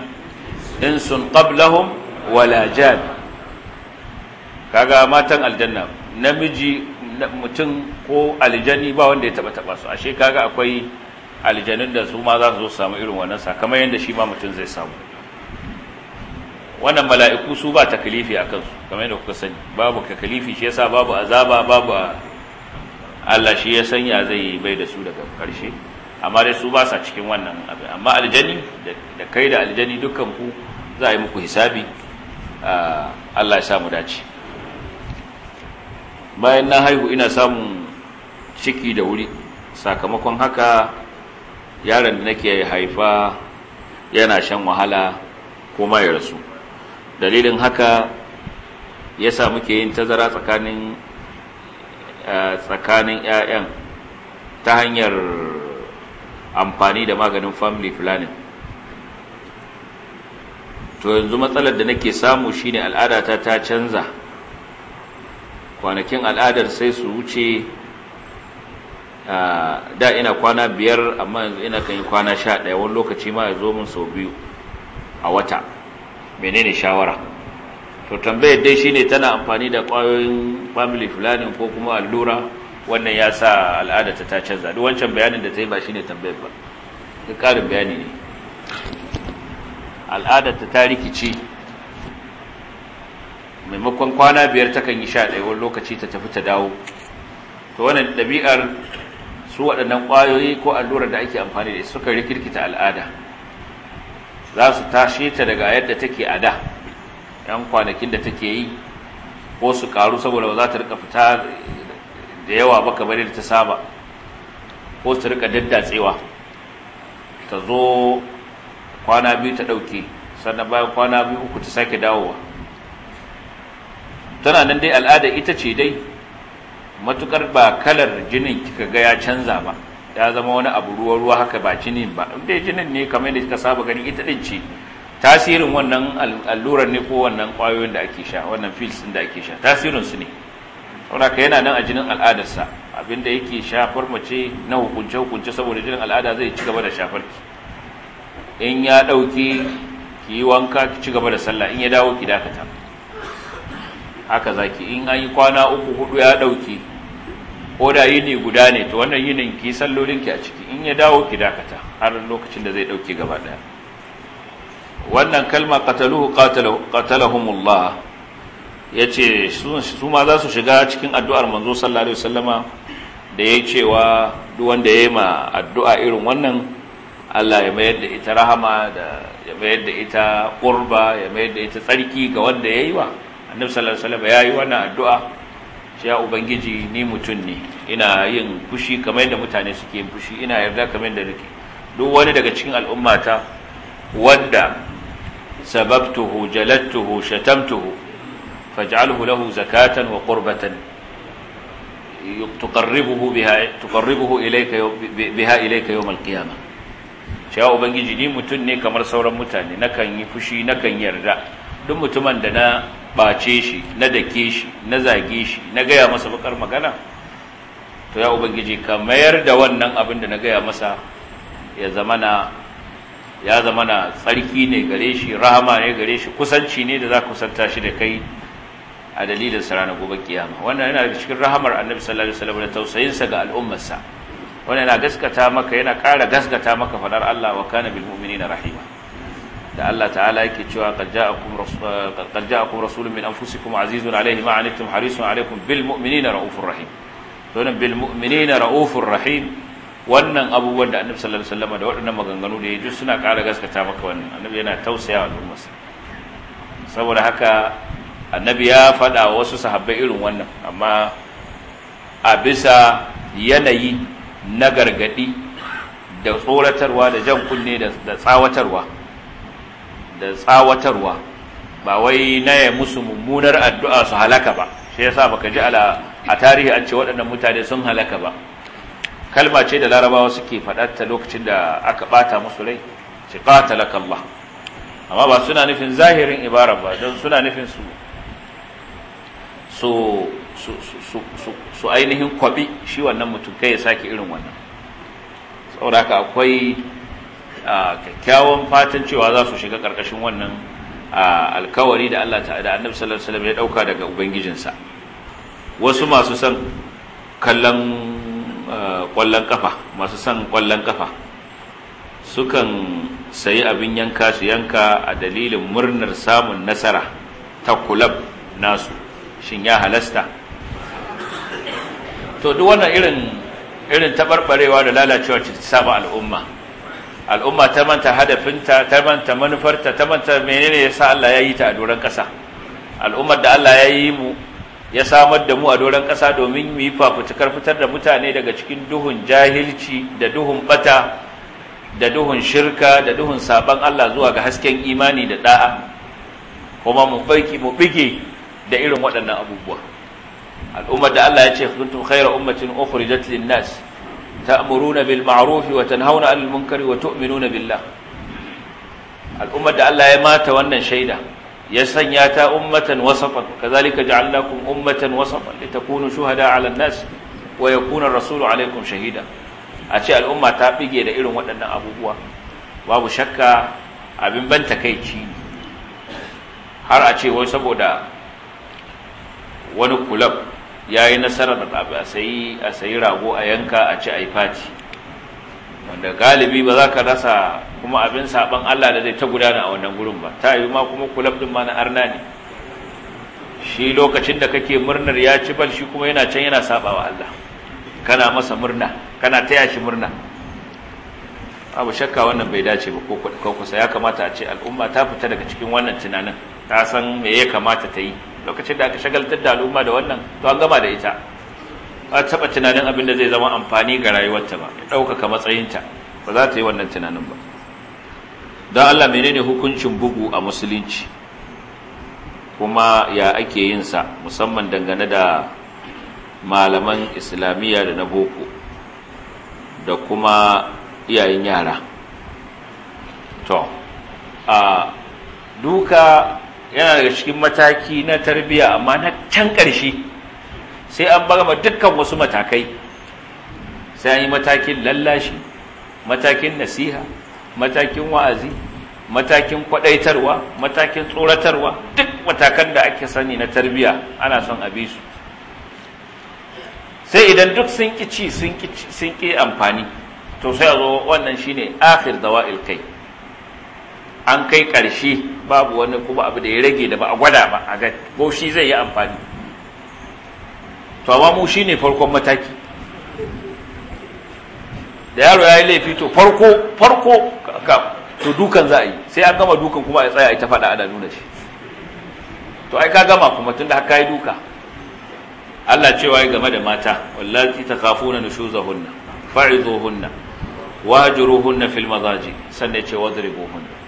insun qablahum wala jan kaga matan aljanna namiji mutum ko aljani ba wanda ya taba taba su ashe kaga akwai aljanin da su ma za su zo samu irin wannan sakamakon yanda shi ma mutum zai samu wannan mala'iku su ba takalifi a kansu kamar yadda kuka sani babu takalifi shi yasa babu azaba babu Allah shi ya sanya zai bai da su daga karshe amma dai su ba sa cikin wannan abin amma aljani da kai da aljani dukkan ku za a yi muku hisabi Allah ya samu dace bayan na haihu ina samun ciki da wuri sakamakon haka yaron da nake haifa yana shan wahala kuma ya rasu dalilin haka ya sa muke yin tazara tsakanin tsakanin 'ya'yan ta hanyar amfani da maganin family planning to yanzu matsalar da nake samu shine al'adata ta canza kwanakin al'adar sai su wuce da ina kwana biyar amma yanzu ina kan yi kwana sha ɗaya wani lokaci ma ya zo min sau biyu a wata menene shawara to tambayar dai shine tana amfani da kwayoyin family planning ko kuma allura wannan ya sa al'ada ta canza duk wancan bayanin da ta yi ba shine tambayar ba duk karin bayani ne al'ada ta rikici maimakon kwana biyar takan yi sha ɗaya wani lokaci ta tafi ta dawo to wannan ɗabi'ar su waɗannan ƙwayoyi ko allura da ake amfani da suka rikirkita al'ada za su tashe ta daga yadda take a da yan kwanakin da take yi ko su karu saboda ba za ta rika fita da yawa ba kamar yadda ta saba ko su rika daddatsewa ta zo kwana biyu ta ɗauke sannan bayan kwana biyu uku ta sake dawowa tana nan dai al'ada ita ce dai matukar ba kalar jinin kika ga ya canza ba ta zama wani abu ruwa ruwa haka ba jinin ba da jinin ne kamar da kika saba gani ita din ce tasirin wannan allurar ne ko wannan kwayoyin da ake sha wannan pills din da ake sha tasirin su ne saboda yana nan a jinin al'adarsa abinda yake shafar mace na hukunce hukunce saboda jinin al'ada zai ci gaba da shafar ki in ya dauke ki yi wanka ki ci gaba da sallah in ya dawo ki dakata haka zaki in an yi kwana uku hudu ya dauke ko da yini guda ne to wannan yinin ki sallolin ki a ciki in ya dawo ki dakata har lokacin da zai dauke gaba daya wannan kalma qataluhu qatalahumullah yace su ma za su shiga cikin addu'ar manzo sallallahu alaihi wasallama da yayi cewa duk wanda yayi ma addu'a irin wannan Allah ya mayar da ita rahama da ya mayar da ita qurba ya mayar da ita tsarki ga wanda yayi wa annabi sallallahu alaihi wasallama yayi wannan addu'a ya ubangiji ni mutum ne ina yin fushi kamar yadda mutane suke yin fushi ina yarda kamar yadda nake duk wani daga cikin al'ummata wanda sababtuhu jalattuhu shatamtuhu faj'alhu lahu zakatan wa qurbatan tuqarribuhu biha tuqarribuhu ilayka biha ilayka yawm al-qiyamah cewa ubangiji ni mutum ne kamar sauran mutane nakan yi fushi nakan yarda duk mutumin da na Bace shi na dake shi na zage shi na gaya masa bakar magana to ya ubangiji ka mayar da wannan abin da na gaya masa ya zamana ya zamana tsarki ne gare shi rahama ne gare shi kusanci ne da za kusanta shi da kai a dalilin sa ranar gobe kiyama wannan yana da cikin rahamar annabi sallallahu alaihi wasallam da tausayinsa ga al'ummarsa wannan yana gaskata maka yana ƙara gaskata maka fadar Allah wa kana bil mu'minina rahima da Allah ta'ala yake cewa qad ja'akum rasulun min anfusikum azizun alayhi ma anittum harisun alaykum bil mu'minina raufur rahim to nan bil mu'minina raufur rahim wannan abubuwan da annabi sallallahu alaihi wasallam da waɗannan maganganu da yaji suna kara gaskata maka wannan annabi yana tausaya saboda haka annabi ya faɗa wasu sahabbai irin wannan amma a bisa yanayi na gargadi da tsoratarwa da jan kunne da tsawatarwa da tsawatarwa ba wai na ya musu mummunar addu'a su halaka ba shi ya yasa ka ji ala a tarihi an ce waɗannan mutane sun halaka ba kalma ce da larabawa suke faɗarta lokacin da aka ɓata musu rai ce ɓata lakalla amma ba suna nufin zahirin ibara ba don suna nufin su su ainihin kwabi shi wannan mutum kai ya sake irin wannan saboda haka akwai kyakkyawan fatan cewa za su shiga ƙarƙashin wannan alkawari da Allah ta da annabi sallallahu alaihi wasallam ya dauka daga ubangijinsa wasu masu son kallon kwallon kafa masu san kwallon kafa sukan sayi abin yanka su yanka a dalilin murnar samun nasara ta kulab nasu shin ya halasta to duk wannan irin irin tabarbarewa da lalacewa ce ta saba al'umma al'umma ta manta hadafinta ta manta manufarta ta manta menene yasa Allah ya yi ta a doron ƙasa al'ummar da Allah ya yi mu ya samar da mu a doron ƙasa domin mu yi fafutukar fitar da mutane daga cikin duhun jahilci da duhun bata da duhun shirka da duhun saban Allah zuwa ga hasken imani da da'a kuma mu baki mu bige da irin waɗannan abubuwa al'ummar da Allah ya ce kuntum khayra ummatin ukhrijat lin-nas ta'muruna bil ma'ruf wa tanhauna 'anil munkari wa tu'minuna billah al'ummar da Allah ya mata wannan shaida ya sanya ta ummatan wasafan kazalika ja'alnakum ummatan wasafan litakunu shuhada 'ala an-nas wa yakuna ar-rasulu 'alaykum shahida a ce al'umma ta bige da irin waɗannan abubuwa babu shakka abin ban takeici har a ce wai saboda wani kulab ya yi nasarar a sayi rago a yanka a ci a yi fati wanda galibi ba za ka rasa kuma abin saɓan Allah da zai ta gudana a wannan gurin ba ta yi ma kuma kulab din ma na arna ne shi lokacin da kake murnar ya ci bal shi kuma yana can yana saba wa Allah kana masa murna kana ta yashi murna abu shakka wannan bai dace ba ko kusa ya kamata a ce al'umma ta fita daga cikin wannan tunanin ta san me ya kamata ta yi lokacin da aka shagaltar da al'umma da wannan to an gama da ita a taɓa tunanin abin da zai zama amfani ga rayuwarta ba ya ɗaukaka matsayinta ba za ta yi wannan tunanin ba don allah menene hukuncin bugu a musulunci kuma ya ake yin sa musamman dangane da malaman islamiyya da na boko da kuma iyayen yara to a duka yana da cikin mataki na tarbiyya amma na can ƙarshe sai an bar ma dukkan wasu matakai sai an yi matakin lallashi matakin nasiha matakin wa'azi matakin kwadaitarwa matakin tsoratarwa duk matakan da ake sani na tarbiyya ana son a bi su sai idan duk sun ci, sun ƙi amfani to sai a zo wannan shine akhir dawa'il kai an kai ƙarshe babu wani kuma abu da ya rage da ba a gwada ba a gani ko shi zai yi amfani to amma mu shine farkon mataki da yaro ya yi laifi to farko farko ka to dukan za a yi sai an gama dukan kuma a tsaya a ta faɗa ana nuna shi to ai ka gama kuma tunda haka yi duka Allah cewa ya game da mata wallahi ta kafuna nushuzahunna fa'izuhunna hunna fil mazaji sannan ce wadribuhunna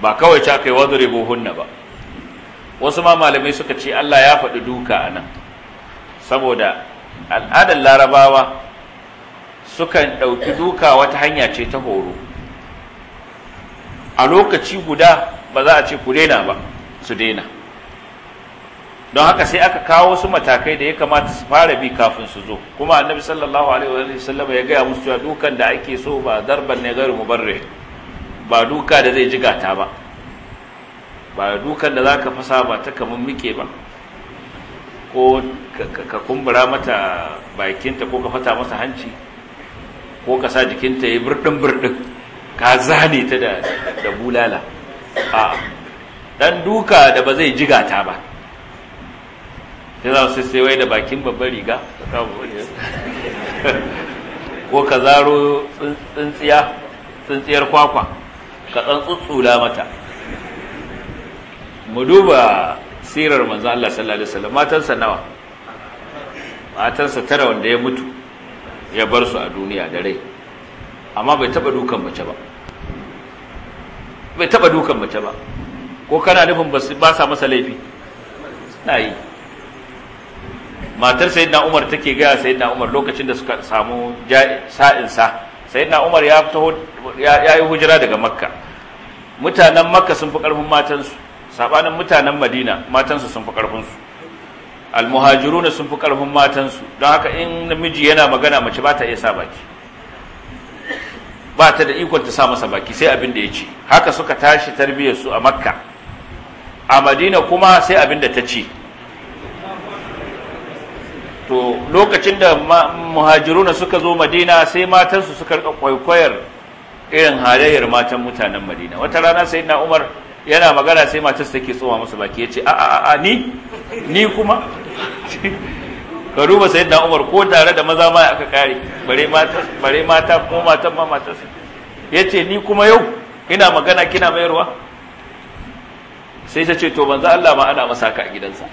ba kawai ta kai wadribuhunna ba wasu ma malamai suka ce Allah ya faɗi duka a nan saboda al'adar larabawa sukan ɗauki duka wata hanya ce ta horo a lokaci guda ba za a ce ku daina ba su daina don haka sai aka kawo su matakai da ya kamata su fara bi kafin su zo kuma annabi sallallahu alaihi wasallam ya gaya musu cewa dukan da ake so ba darban ne mu mubarrih ba duka da zai jigata ba ba dukan da za ka fasa ba ta kamun muke ba ko ka kumbura mata bakinta ko ka fata masa hanci ko ka sa jikinta ya birɗin-birɗin ka zane ta da bulala a ɗan duka da ba zai ta ba sai za su sai wai da bakin babban riga ko ka zaro tsintsiyar kwakwa ka tsutsula mata mu duba sirar manzo Allah sallallahu alaihi wasallam matansa nawa matansa tara wanda ya mutu ya bar su a duniya da rai amma bai taba dukan mace ba bai taba dukan mace ba ko kana nufin ba sa masa laifi na yi matar sayyidina Umar take ga sayyidina Umar lokacin da suka samu sa'insa sai na umar ya fito yi hujira daga makka mutanen makka sun fi karfin matansu sabanin mutanen madina matansu sun fi karfin su almuhajiruna sun fi karfin matansu don haka in namiji yana magana mace ba ta iya sa baki ba ta da ikon ta sa masa baki sai abin da ya ce haka suka tashi tarbiyyar su a makka a madina kuma sai abin da ta ce to lokacin da muhajiruna suka zo madina sai matansu suka rika kwaikwayar irin halayyar matan mutanen madina wata rana sai na umar yana magana sai matarsa take tsoma masa baki ya ce a a a ni ni kuma ka duba sai na umar ko tare da maza ma aka kare bare mata bare mata ko matan ma matarsa ya ce ni kuma yau ina magana kina mayarwa sai ta ce to banza Allah ma ana masaka a gidansa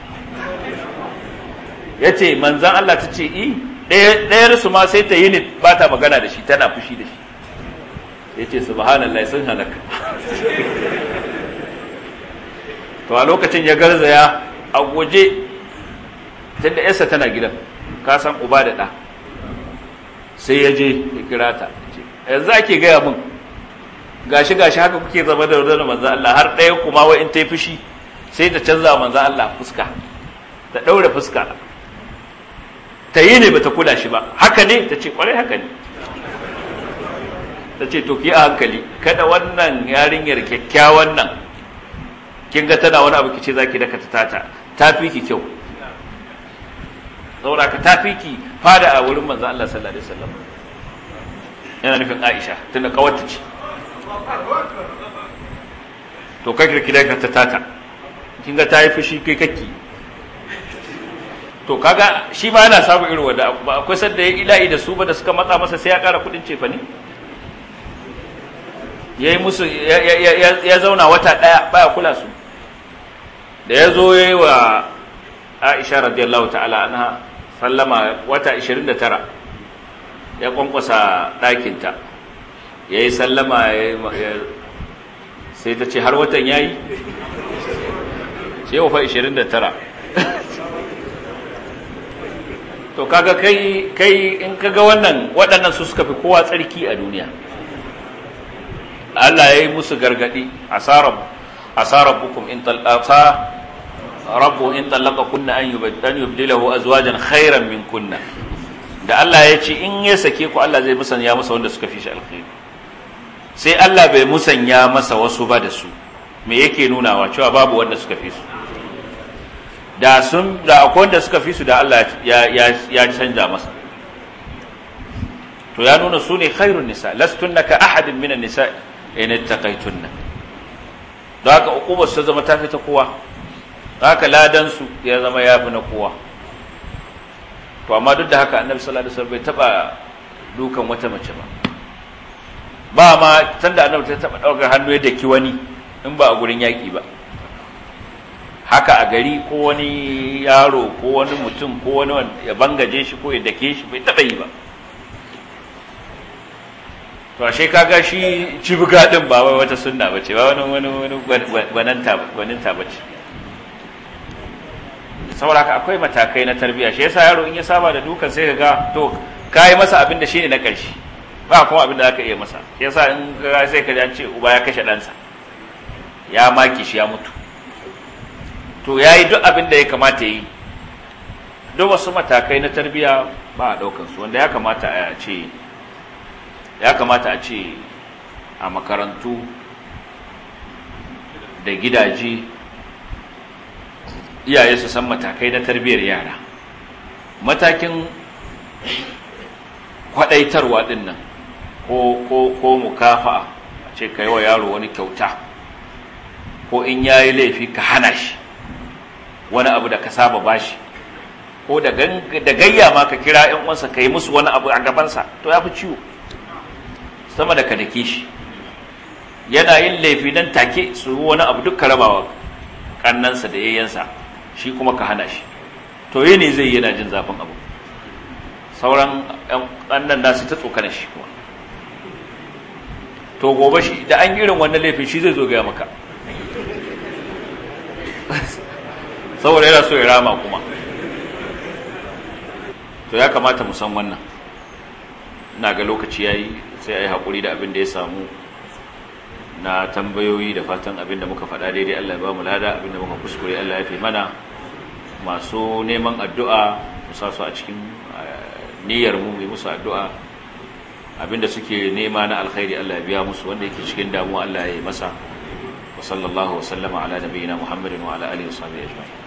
ya ce manzan Allah ta ce i ɗayar su ma sai ta yi ne ba ta magana da shi tana fushi da shi ya ce subhanallah sun halaka to a lokacin ya garzaya a guje da yarsa tana gidan ka san uba da ɗa sai ya je ya kira ta yanzu ake gaya min gashi gashi haka kuke zama da wadanda manzan Allah har ɗaya kuma wa in ta fushi sai ta canza manzan Allah fuska ta ɗaure fuska ta yi ne bata kula shi ba haka ne ta ce kwarai haka ne ta ce to ki a hankali kada wannan yarinyar kyakkyawan nan kin ga tana wani abu kice zaki daka ta tata ta fi ki kyau saboda ka ta fi ki fada a wurin manzo Allah sallallahu alaihi wasallam yana nufin Aisha tana kawarta ce to kai ki daka ta tata kin ga ta yi fushi kai kake to kaga shi ma yana samun irin wanda ba akwai sadda ya ila'i da su ba da suka matsa masa sai ya kara kudin cefa ne ya yi musu ya zauna wata ɗaya baya kula su da ya zo ya yi wa aisha radiyallahu ta'ala ana sallama wata 29 ya kwankwasa ɗakinta ya yi sallama sai ta ce har watan ya yi ce wafa 29 to kaga kai kai in kaga wannan waɗannan su suka fi kowa tsarki a duniya Allah ya yi musu gargadi asarab asarabukum in talqa rabbu in talqa kunna an yubdilahu azwajan khairan min kunna da Allah ya ce in ya sake ku Allah zai musanya masa wanda suka fi shi alkhairi sai Allah bai musanya masa wasu ba da su me yake nunawa cewa babu wanda suka fi su da sun da wanda suka fi su da Allah ya canza masa to ya nuna su ne khairun nisa lastunna ka ahadin minan nisa in ittaqaytunna don haka uqubar su zama tafi ta kowa don haka ladan su ya zama yafi na kowa to amma duk da haka annabi sallallahu alaihi wasallam bai taba dukan wata mace ba ba ma tanda annabi ta taba daukar hannu ya daki wani in ba a gurin yaki ba haka a gari ko wani yaro ko wani mutum ko wani ya bangaje shi ko ya dake shi bai taɓa yi ba to ashe kaga shi cibiga din ba wai wata sunna ce ba wani wani wani gwananta ce bace saboda haka akwai matakai na tarbiyya shi yasa yaro in ya saba da dukan sai ka ga to kai masa abin da shine na ƙarshe ba kuma abin da zaka iya masa shi yasa in ga sai ka ce uba ya kashe ɗansa ya maki shi ya mutu to ya yi duk abin da ya kamata yi duk wasu matakai na tarbiyya ba a ɗaukansu wanda ya kamata a ce ya kamata a ce a makarantu da gidaje iyaye su san matakai na tarbiyyar yara matakin kwadaitarwa din nan ko mu kafa mukafa a ce ka yi wa yaro wani kyauta ko in ya yi laifi ka hana shi wani abu da ka saba bashi ko da gayya ma ka kira ‘yan uwansa ka yi musu wani abu a gabansa to ya fi ciwo sama da ka dake shi yana yin laifi nan take su wani abu duk rabawa kannansa da yayyansa shi kuma ka hana shi to yi ne zai yana jin zafin abu sauran ‘yan kannan nasu ta tsokana shi kuma to gobe shi da an irin wannan laifin shi zai zo gaya maka saboda yana so ya rama kuma to ya kamata mu san wannan ina ga lokaci yayi sai ayi hakuri da abin da ya samu na tambayoyi da fatan abin da muka faɗa daidai Allah ya ba mu lada abin da muka kuskure Allah ya fi mana masu neman addu'a musasu a cikin eh, niyyar mu mai musu addu'a abin da suke nema na alkhairi Allah ya biya musu wanda yake cikin damuwa Allah ya yi masa wa sallallahu wa sallama ala nabiyyina Muhammadin wa ala alihi wa sahbihi ajma'in